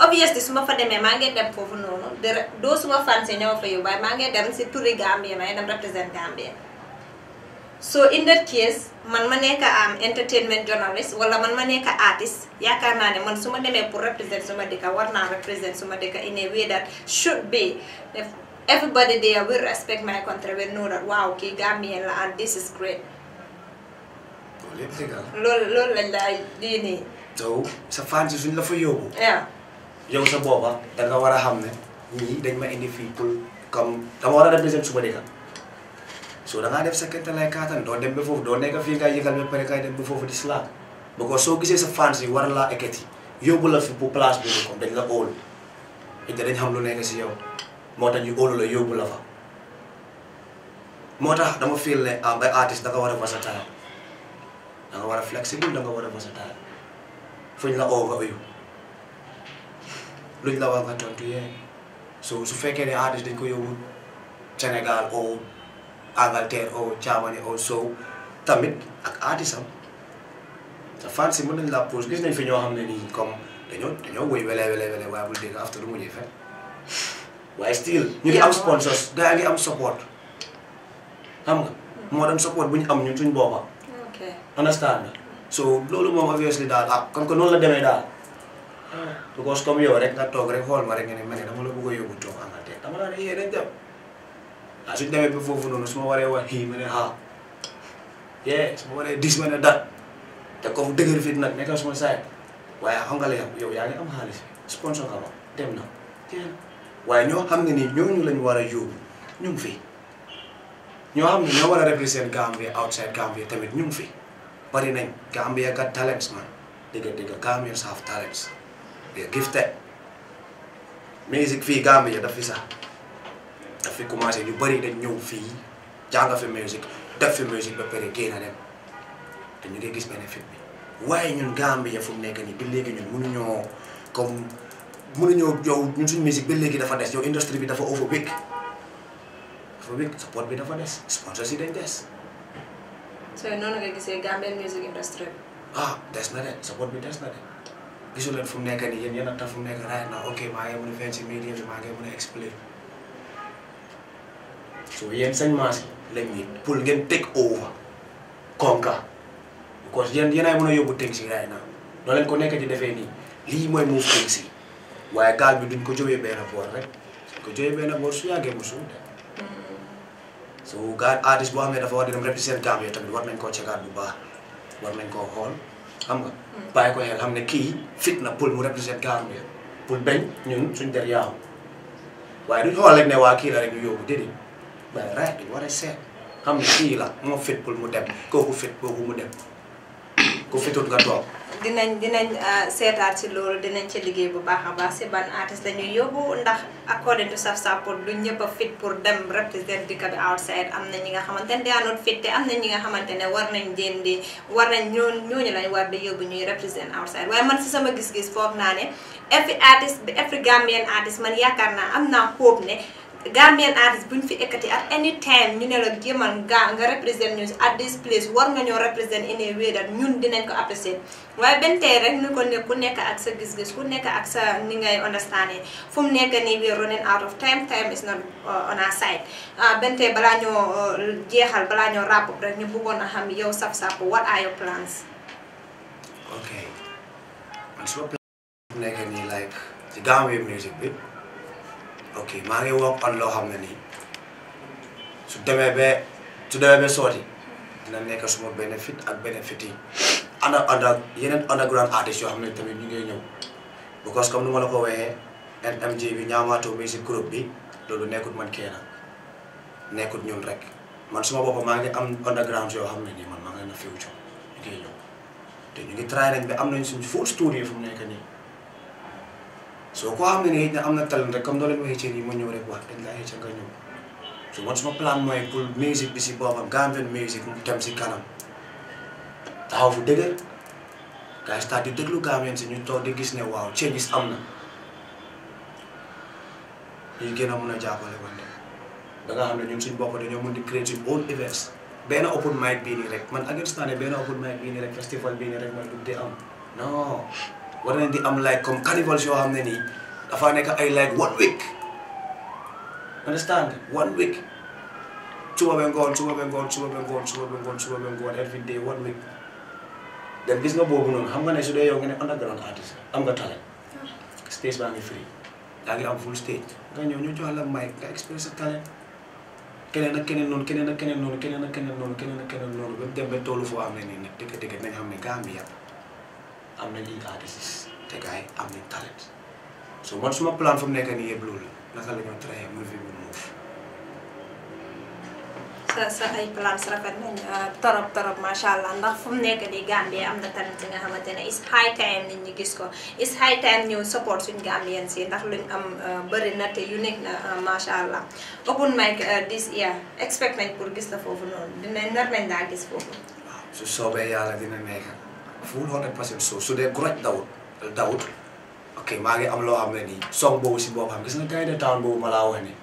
obviously su ma fa demee maa ngi dem foofu noonu de doo suma fans ñoo fa yóbbu maa ngi dem si turi Gambie may dem représente Gambie so in that case man ma nek am entertainment journalist wala man ma nek artist yakar na ne man suma ma pour represent suma dëkka warna represent suma dëkka in a way that should be if everybody there will respect my country will know that wow ki Gambian la and this is great
loolu
loolu la di ni
so sa ci suñ la fa yóbbu yow sa boba da nga wara xamne ni dañ ma indi fi pour comme da wara represent suma so da ngaa def sa kentalaay kaatan doo dem ba foofu doo nekk fii ngay yëgal ba pare kay dem ba foofu di slack because soo gisee sa fans yi war laa ekkati yóbbu la fi bu place bi comme dañ la óolu it dañ si yow moo tax ñu la yóbbu la tax dama feel ne ah bay war a versatile da nga war a flexible da war a versatile fuñ la oo nga uyu luñ la wax nga tontu yee so su fekkee ne artiste dañ ko yóbbu Sénégal oo Angleterre oh, au Germany au oh, Sow tamit ak artiste am te fan si mën nañ la pose gis nañ fi ñoo xam ne nii comme dañoo dañoo woy wele wele waaye bul dégg after lu mu ñuy waaye still ñu ngi am sponsors gaa ngi am support xam nga bu am ñun suñ boppa understand nga so loolu moom obviously daal ah comme que noonu la demee daal ah. because comme yow rek nga toog rek xool ma rek nga ne ma ne dama la bëgg a yóbbu toog Angleterre dama laa ne yee rek dem as ñu never before foofu noonu su ma waree wax kii ma ne ah yee su ma waree dis ma ne dat te comme dëgër fit nag nekkal suma saay waaye xam nga la am xaalis sponsor them. ma dem na waaye ñoo xam ne new ñooñu lañ war a yóbbu ñu ngi fi ñoo xam represent Gambia outside Gambia tamit ñu ngi But in Gambia got talents man they dëgg Gambians have talents they are gifted music fee Gambia daf visa. fi commencé ñu bëri dañ ñëw fii jàng fi musique def fi musique ba pare génn dem te ñu ngi gis bénéfice bi waaye ñun Gambie fu mu nekk nii ba léegi ñun mënuñoo comme mënuñoo yow ñun suñu musique ba léegi dafa des yow industrie bi dafa overwhelmed overwhelmed support bi dafa des sponsors yi dañ des.
sooy noonu nga gisee Gambian music industry bi.
ah des na de support bi des na de gisu leen fu mu nekk nii yéen yéen a tax fu nekk raay na ok maa ngi mun a feeñ si so yéen sañ maas yi ñu pour ngeen take over conquer because yéen yéen ay mën a yóbbu things yi right now noo leen ko nekk di defee nii lii mooy move things yi waaye gaal bi duñ ko jógee benn boor rek ko jógee benn boor su yàggee mu suuf de mm. so gaal boo xam ne dafa war di dem represent Gambia tamit nañ koo cegaat bu baax war nañ koo xool xam nga mm. bàyyi ko xel xam ne kii fit na pour mu represent Gambia pour bañ ñun suñ der yaaw waaye duñ xool rek ne waa kii la rek ñu yóbbu déedéet waaye raay bi war a ya, seet xam ne kii la moo fit bul mu dem kooku fit kooku mu dem ku fitut nga toog
dinañ dinañ eh, seetaat ci loolu dinañ ci liggéey bu baax a baax si ban artiste lañuy yóbbu ndax according to Saf Sapoor du ñëpp a fit pour dem represent di bi outside am na ñi nga xamante ne daanoot fit te am na ñi nga xamante ne war nañ jéem di war nañ ñoo ñooñu lañ war di yóbbu ñuy represent outside waaye man si sama gis-gis foog naa ne every artist every Gambian artist man yaakaar amna hope ne Gambian artist buñ fi ekkati at any time ñu ne la jéemal nga nga represent ñu at this place war nga ñoo represent in a way that ñun dinañ ko apprécier waaye benn tey rek ñu ko ne ku nekk ak sa gis-gis ku nekk ak sa ni ngay understandé fu mu nekk nii we running out of time time is not uh, on our side ah, benn tey balaa ñoo uh, jeexal balaa ñoo wrap rek ñu bëggoon a xam yow sap sap what are your plans.
ok man suma plan nekk nii like the Gambia music bit. ok maa ngi wokkal loo xam ne nii su demee ba su demee ba sooti dina nekk suma bénéfice ak bénéfice yi ana ana yeneen underground artistes yoo xam ne tamit ñu ngi ñëw because comme nu ma la ko waxee NMG bi ñaamaatoo si group bi loolu nekkut man kenn nekkut ñun rek man suma bopp maa ngi am underground yoo xam ne nii man maa ngi leen a future ñu ngi ñëw am nañ suñu full studio fu mu nekk nii. soo ko amee ne na am na talent rek comme doo leen waxee ci ma ñëw rek wax nga ñëw so man suma plan mooy pour musique bi si boppam Gambian musique mu dem si kanam taxaw fu dëgër gars yi start di déglu Gambian si ñu toog di gis ne waaw changes am na ñu gën a mun a jàppale wante ba nga xam ne ñun suñ bopp dañoo mën di créer suñ own events benn open mic bii nii rek man understand benn open mic bii nii rek festival bii nii rek man du am non war nañ di am like comme carnivals yoo xam ne nii dafaa nekk ay like one week understand one week suba ba ngoon suba ba ngoon suba ba ngoon suba ba ngoon suba ba ngoon every day one week dem gis nga boobu noonu xam nga ne su dee yow nga ne underground artist am nga talent ah. stage baa ngi free daa ngi am full stage nga ñëw ñu jox la mic nga express sa talent keneen ak keneen noonu keneen ak keneen noonu keneen ak keneen noonu keneen ak dem ba tollu foo xam ne am nañ une disease te gars yi am nañ talent so man suma plan fu mu nekk nii yëpp loolu la naka la ñoo traité movie bi
sa sa ay plans rafet nañ euh, torop torop macha allah ndax fu mu nekk nii Gambie am na talent yi nga xamante ne is high time nit ñi gis ko is high time ñëw support suñu Gambien si ndax luñ am euh, bari na te unique na euh, macha allah open mic this year expect nañ pour gis la foofu noonu dinañ nar nañ daa gis foofu. waaw su
soobee yàlla full hundred percent so su dee groj dawut dawut ok maa ngi am loo xam ne nii song boobu si boobu xam gis nga gars yi de town boobu ma laa wax ni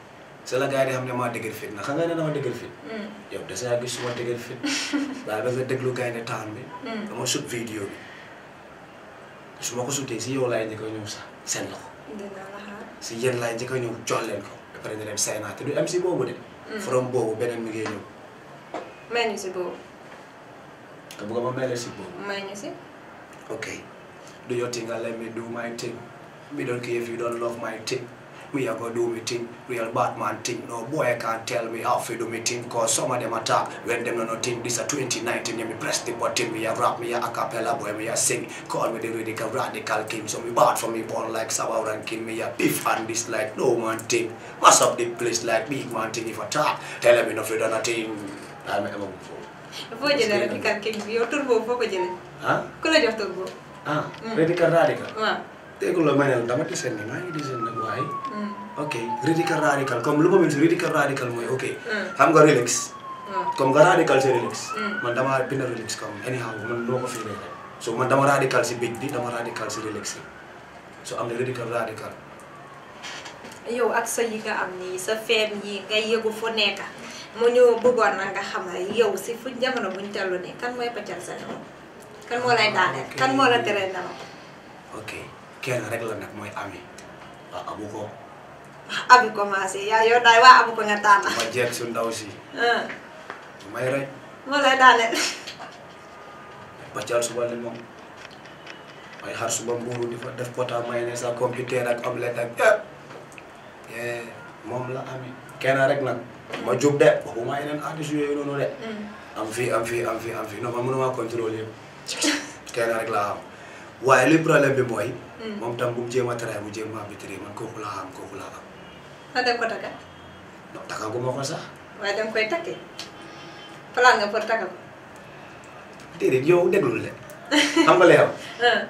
c'est la gars yi di xam ne maa dëgër fit na xam nga ne dama dëgër fit mm. yow dasa gis suma dëgër fit daal ba nga déglu gars yi town bi mm. dama sut vidéo bi su ma ko sutee si yow laay njëkk a ñëw sax seen la ko si yéen laay njëkk a ñëw jox leen ko après ñu dem saynaate du am si boobu de
mm. from
boobu beneen mi ngi
ñëw
kabuga mamele sipo okay do your thing and let me do my thing we don't care if you don't love my thing we are gonna do me thing, real Batman thing. No boy can't tell me how to do me thing, cause some of them attack when them no thing. This a 2019, yeah, me press the button, me a rap, me a acapella boy, me a sing. Call me the radical, radical king, so me bad for me born like sour ranking, me a beef and dislike, no man thing. Must up the place like big man thing if I talk, tell me no freedom nothing. I'm, I'm, i
fo jëlee rek kan kii bi yow tur boobu foo ko jëlee. ah ku la jox tur boobu.
ah Redika Radical. waaw dégg la ma ne la dama di seen maa ngi di seen nag waaye. ok Redika Radical comme lu ma mën si Redika Radical mooy ok. xam mm. nga relax. comme nga radical si relax. man dama bind relax comme anyhow man doo ko fi so man dama radical si bëj bi dama radical si relax yi so am na Redika Radical.
yow ak sa yi nga am nii sa feem yi nga yëgu mu ñu bëggoon na nga yow iya, si fu jamono buñ tellu ni kan mooy paccal sa kan moo lay oh, daaneel kan moo la tere nelaw
ok kenn rek la nag mooy ami abu ko
abi ah, commencé yaa yow daay waa abu ko nga taan. ma jeeg
su ndaw si eh. may rek
moo lay daaneel
paccal suba limon may xar suba mbuuru di fa def pota mayonnaise sa computer ak omelette ak eh. eh, moom la ami kenn rek nag ma jub de waxuma yeneen artistes yooyu noonu de. am mm. fii am fi am fii am fii non man mënuma contrôler kenn rek laa xam waaye li problème bi mooy. Mm. moom tam bu mu jéem a traité mu jéem a arbitré man kooku laa xam kooku laa xam. nga dem ko takka. non takkagu ko sax.
waaye dama koy takki plan nga pour takka ko.
déedéet yow déglul de xam nga leeral. Uh.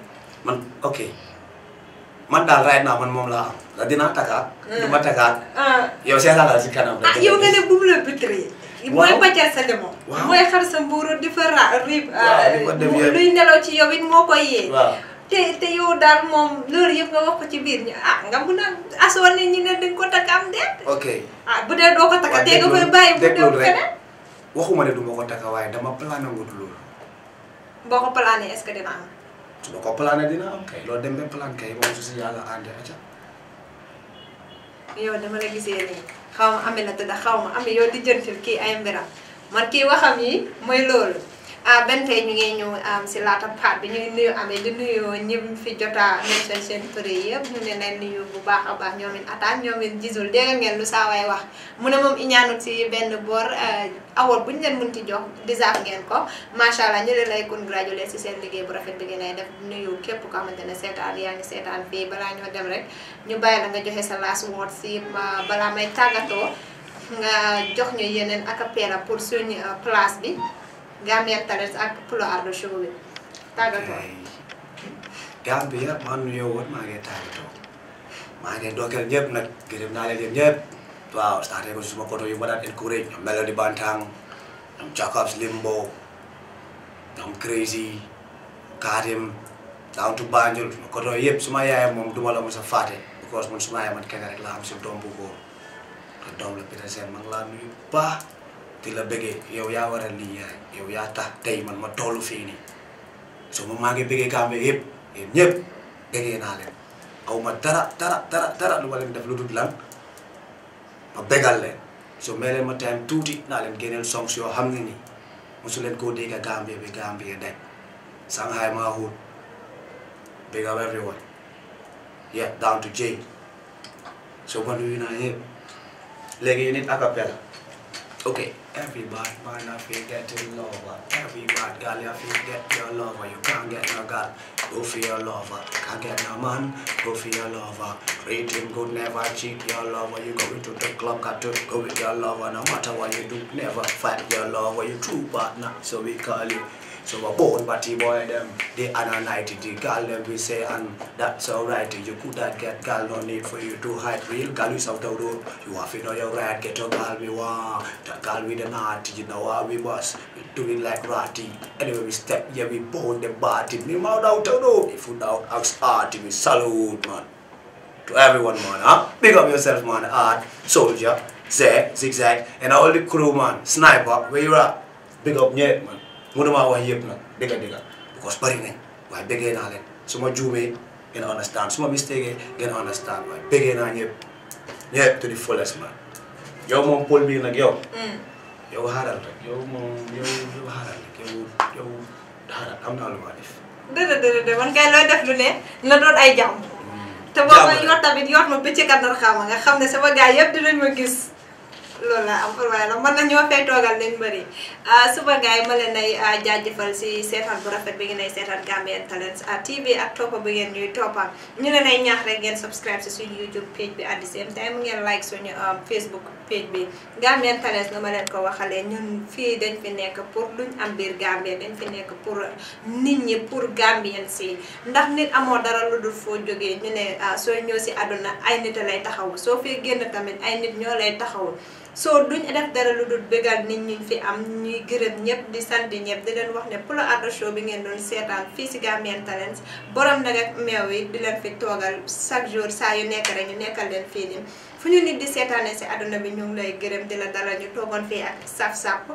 man ok. man daal right now man mom la am da dinaa takkaat. du ma takkaat. yow seen alal si kanam. ah yow nga
ne bu le la moy mooy pàccal sa demo moy xar sa mbuuru di fa ra rib. luy nelaw ci yow it moko koy yee. te te yow dal mom leur yëpp nga wax ko ci bir ñu ah nga mun a asoo ne ñi ne dañ ko takam am ok ah bu dee do ko takk tey nga koy bàyyi. bu ko feneen
waxuma ne du ma ko takk waaye dama plané wut lool
boko ko plané est-ce que dina am.
su ma ko plané dina am kay loolu dem ba plan kay moom su si yàlla àndee aca
yow dama la gisee nii xaw ma ame na tëdd xaw ma ame yow di jëntil kii ay mbiram man kii waxam yi mooy loolu benn tey ñu ngi ñëw si laata part bi ñu ngi nuyu amee di nuyu ñim fi jota mention seen turé yëpp ñu ne leen nuyu bu baax a baax ñoomin ataan ñoomin gisul dégg ngeen lu saawaay wax mu ne moom iñaanut si benn boor euh, award bu ñu leen ti jox deserve ngeen ko macha allah ñu leen lay congratulé si seen liggéey bu rafet bi ngeen ay def nuyu képp ko xamante ne seetaan yaa ngi seetaan fii balaa ñoo dem rek ñu bàyyi la nga joxe sa last word si balaa may tàggatoo nga jox ñu yeneen acapella pour suñu euh, place bi gammeettanes ak pulo arɗo cuuɓi tagato
gambi yëpp man nu ñëw woon maa ngi tagato maa ngi dookeel ñëpp nag gërëm naa leen ñëpp waaw starté ko suma koto yu ma daan encourage melody bantang jacobs limbo crazy karim down to banjul suma koto yëpp suma yaay moom duma la because man suma yaay man kenn rek laa am si doom bu góor la di la bëggee yow yaa waral lii yaay yow yaa tax tey man ma toolu fii nii su ma maa ngi bëggee Gàmbi yëpp yéen ñëpp bëggee naa leen aw ma dara dara dara dara lu ma leen def lu dul lan ma bëggal leen su may ma time tuuti naa leen génneel songs yoo xam ne nii mosu leen koo dégg Gambie bi Gambie day Shanghai maa wut big up everyone yeah down to J so ma nuyu naa yëpp léegi yu nit acapella ok Everybody man I feel get to lover. Everybody girl you feel get your lover. You can't get no girl. Go for your lover. Can't get no man. Go for your lover. Treat him good, never cheat your lover. You go into the club, got to go with your lover. No matter what you do, never fight your lover. You true partner, so we call you. So I born batty boy them, they anonite the girl them we say and that's alright. You could not get girl no need for you to hide. Real gal is out the road. You have to know your right, get your girl we want. The girl with the naughty, you know how we was. We do it like ratty. Anyway we step, yeah we born the body. Me mouth out the road. If you out ask art, we salute man. To everyone man, huh? Big up yourself man, art, soldier, Zigzag, and all the crew man, sniper, where you at? Big up Nyet man. mënumaa wax yëpp nag a dëgga because bëri nañ waaye bëggee naa leen su ma juumee ngeen understand su ma mistake ngeen understand waaye bëggee naa ñëpp ñëpp to the fullest man yow moom Paul bii nag yow mm. yow xaaral rek yow moom yow yow rek yow yow xaaral am naa lu ma def
dëgg dëgg dëgg man kay looy def lu ne na doon ay jàmm mm. te booba yow tamit yoot ma bëccëg àndal xaama nga xam ne sama gars yëpp dinañ ma gis loolu la am pour waaye nag mën nañoo fay toogal nañ bëri ah, suba gars ma leen ay ah, jaajëfal si seetaan bu rafet bi ngeen ay seetaan Gambian Talents ah, TV ak topp bi ngeen ñuy toppal ñu leen ay ñaax rek ngeen subscribe si suñu YouTube page bi at the same time ngeen like suñu Facebook. page bi Gambian Talents nga ma leen ko waxalee ñun fii dañ fi nekk pour luñ am biir Gambie dañ fi nekk pour nit ñi pour Gambien si ndax nit amoo dara lu dul foo jógee ñu ne ah, soo ñëw si àdduna ay nit lay taxaw soo fee tamit ay nit ñoo lay taxaw soo duñ def dara lu dul bégal nit ñi fi am ñuy gërëm ñëpp di sant ñëpp di leen wax ne Pulo Ardo Show bi ngeen doon seetaan fii si Gambian Talents borom nag meew yi di leen fi toogal chaque jour saa yu nekk rek ñu nekkal leen fii nii. fu ñu nit di seetaane si àdduna bi ñu ngi lay gërëm di la dalal ñu toogoon fii ak saf sàpp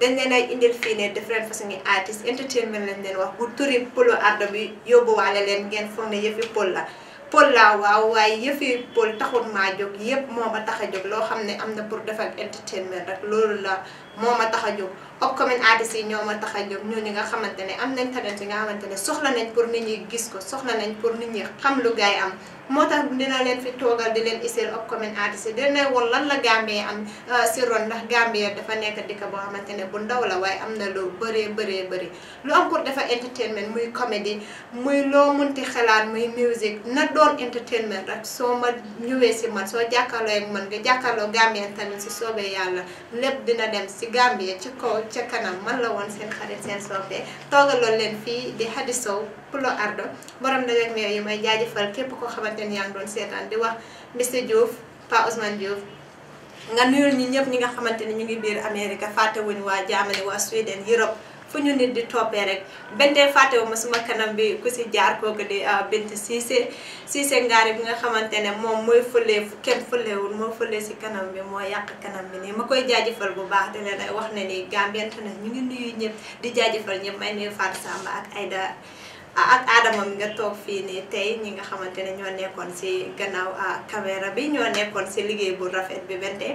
dañ leen ay indil fii ne different façon yi artist entertainment lañ leen wax bu turi polo ardo bi yóbbuwaale leen ngeen foog ne yëfi pël la pël laa waaw waaye yëfi pël taxul maa jóg yëpp moom ma tax a jóg loo xam ne am na pour defal entertainment rek loolu la moo ma tax a jóg upcoming artistes yi ñoo ma tax a jóg ñu nga xamante ne am nañ tamit yi nga xamante ne soxla nañ pour nit ñi gis ko soxla nañ pour nit ñi xam lu gaay am moo tax dina leen fi toogal di leen isil upcoming artistes yi dina woon lan la Gambie am euh, si ron ndax Gambie dafa nekk dëkk boo xamante ne bu ndaw la waaye am na lu bëree bëree bëri lu am pour dafa entertainment muy comédie muy loo mun munti xalaat muy musique na doon entertainment rek soo ma ñëwee si man soo jàkkaarloo ak nga jàkkaarloo Gambien tamit si soobee yàlla lépp dina dem si Gambie ci kaw Touba ca kanam man la woon seen xarit seen soppe toogaloon leen fii di Hady Sow Pulo Ardo borom nag ak meew yi may jaajëfal képp koo xamante ne yaa ngi doon seetaan di wax monsieur Diouf Pa Ousmane Diouf. nga nuyul ñi ñëpp ñi nga xamante ne ñu ngi biir Amérique fàtte wuñu waa Germany waa Sweden Europe. fu ñu nit di toppee rek bentee fàttewu ma suma kanam bi ku si jaar kooku di euh, Bintu Ceesay Ceesay Ngaari bi nga xamante ne moom mooy fële kenn fëlewul moo fële si kanam bi moo yàq kanam bi nii ma koy jaajëfal bu baax di leen wax ne nii Gambian na ñu ngi nuyu ñëpp di jaajëfal ñëpp may nuyu Fatou Samba ak Aïda ak Adama nga toog fii nii tey ñi nga xamante ne ñoo nekkoon si gannaaw euh, caméra bi ñoo nekkoon si liggéey bu rafet bi bente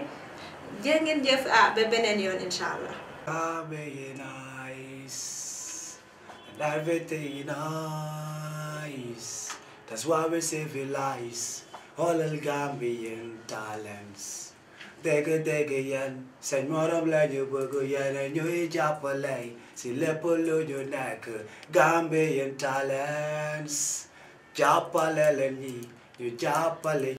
jërë ngeen jëf euh, yoon
incha everything nice. That's why we civilize all the Gambian talents. Dega dega yan, senora blanyo bugo yan, and you ijapale, si lepolo yo neck, Gambian talents. Japale ni, you japale.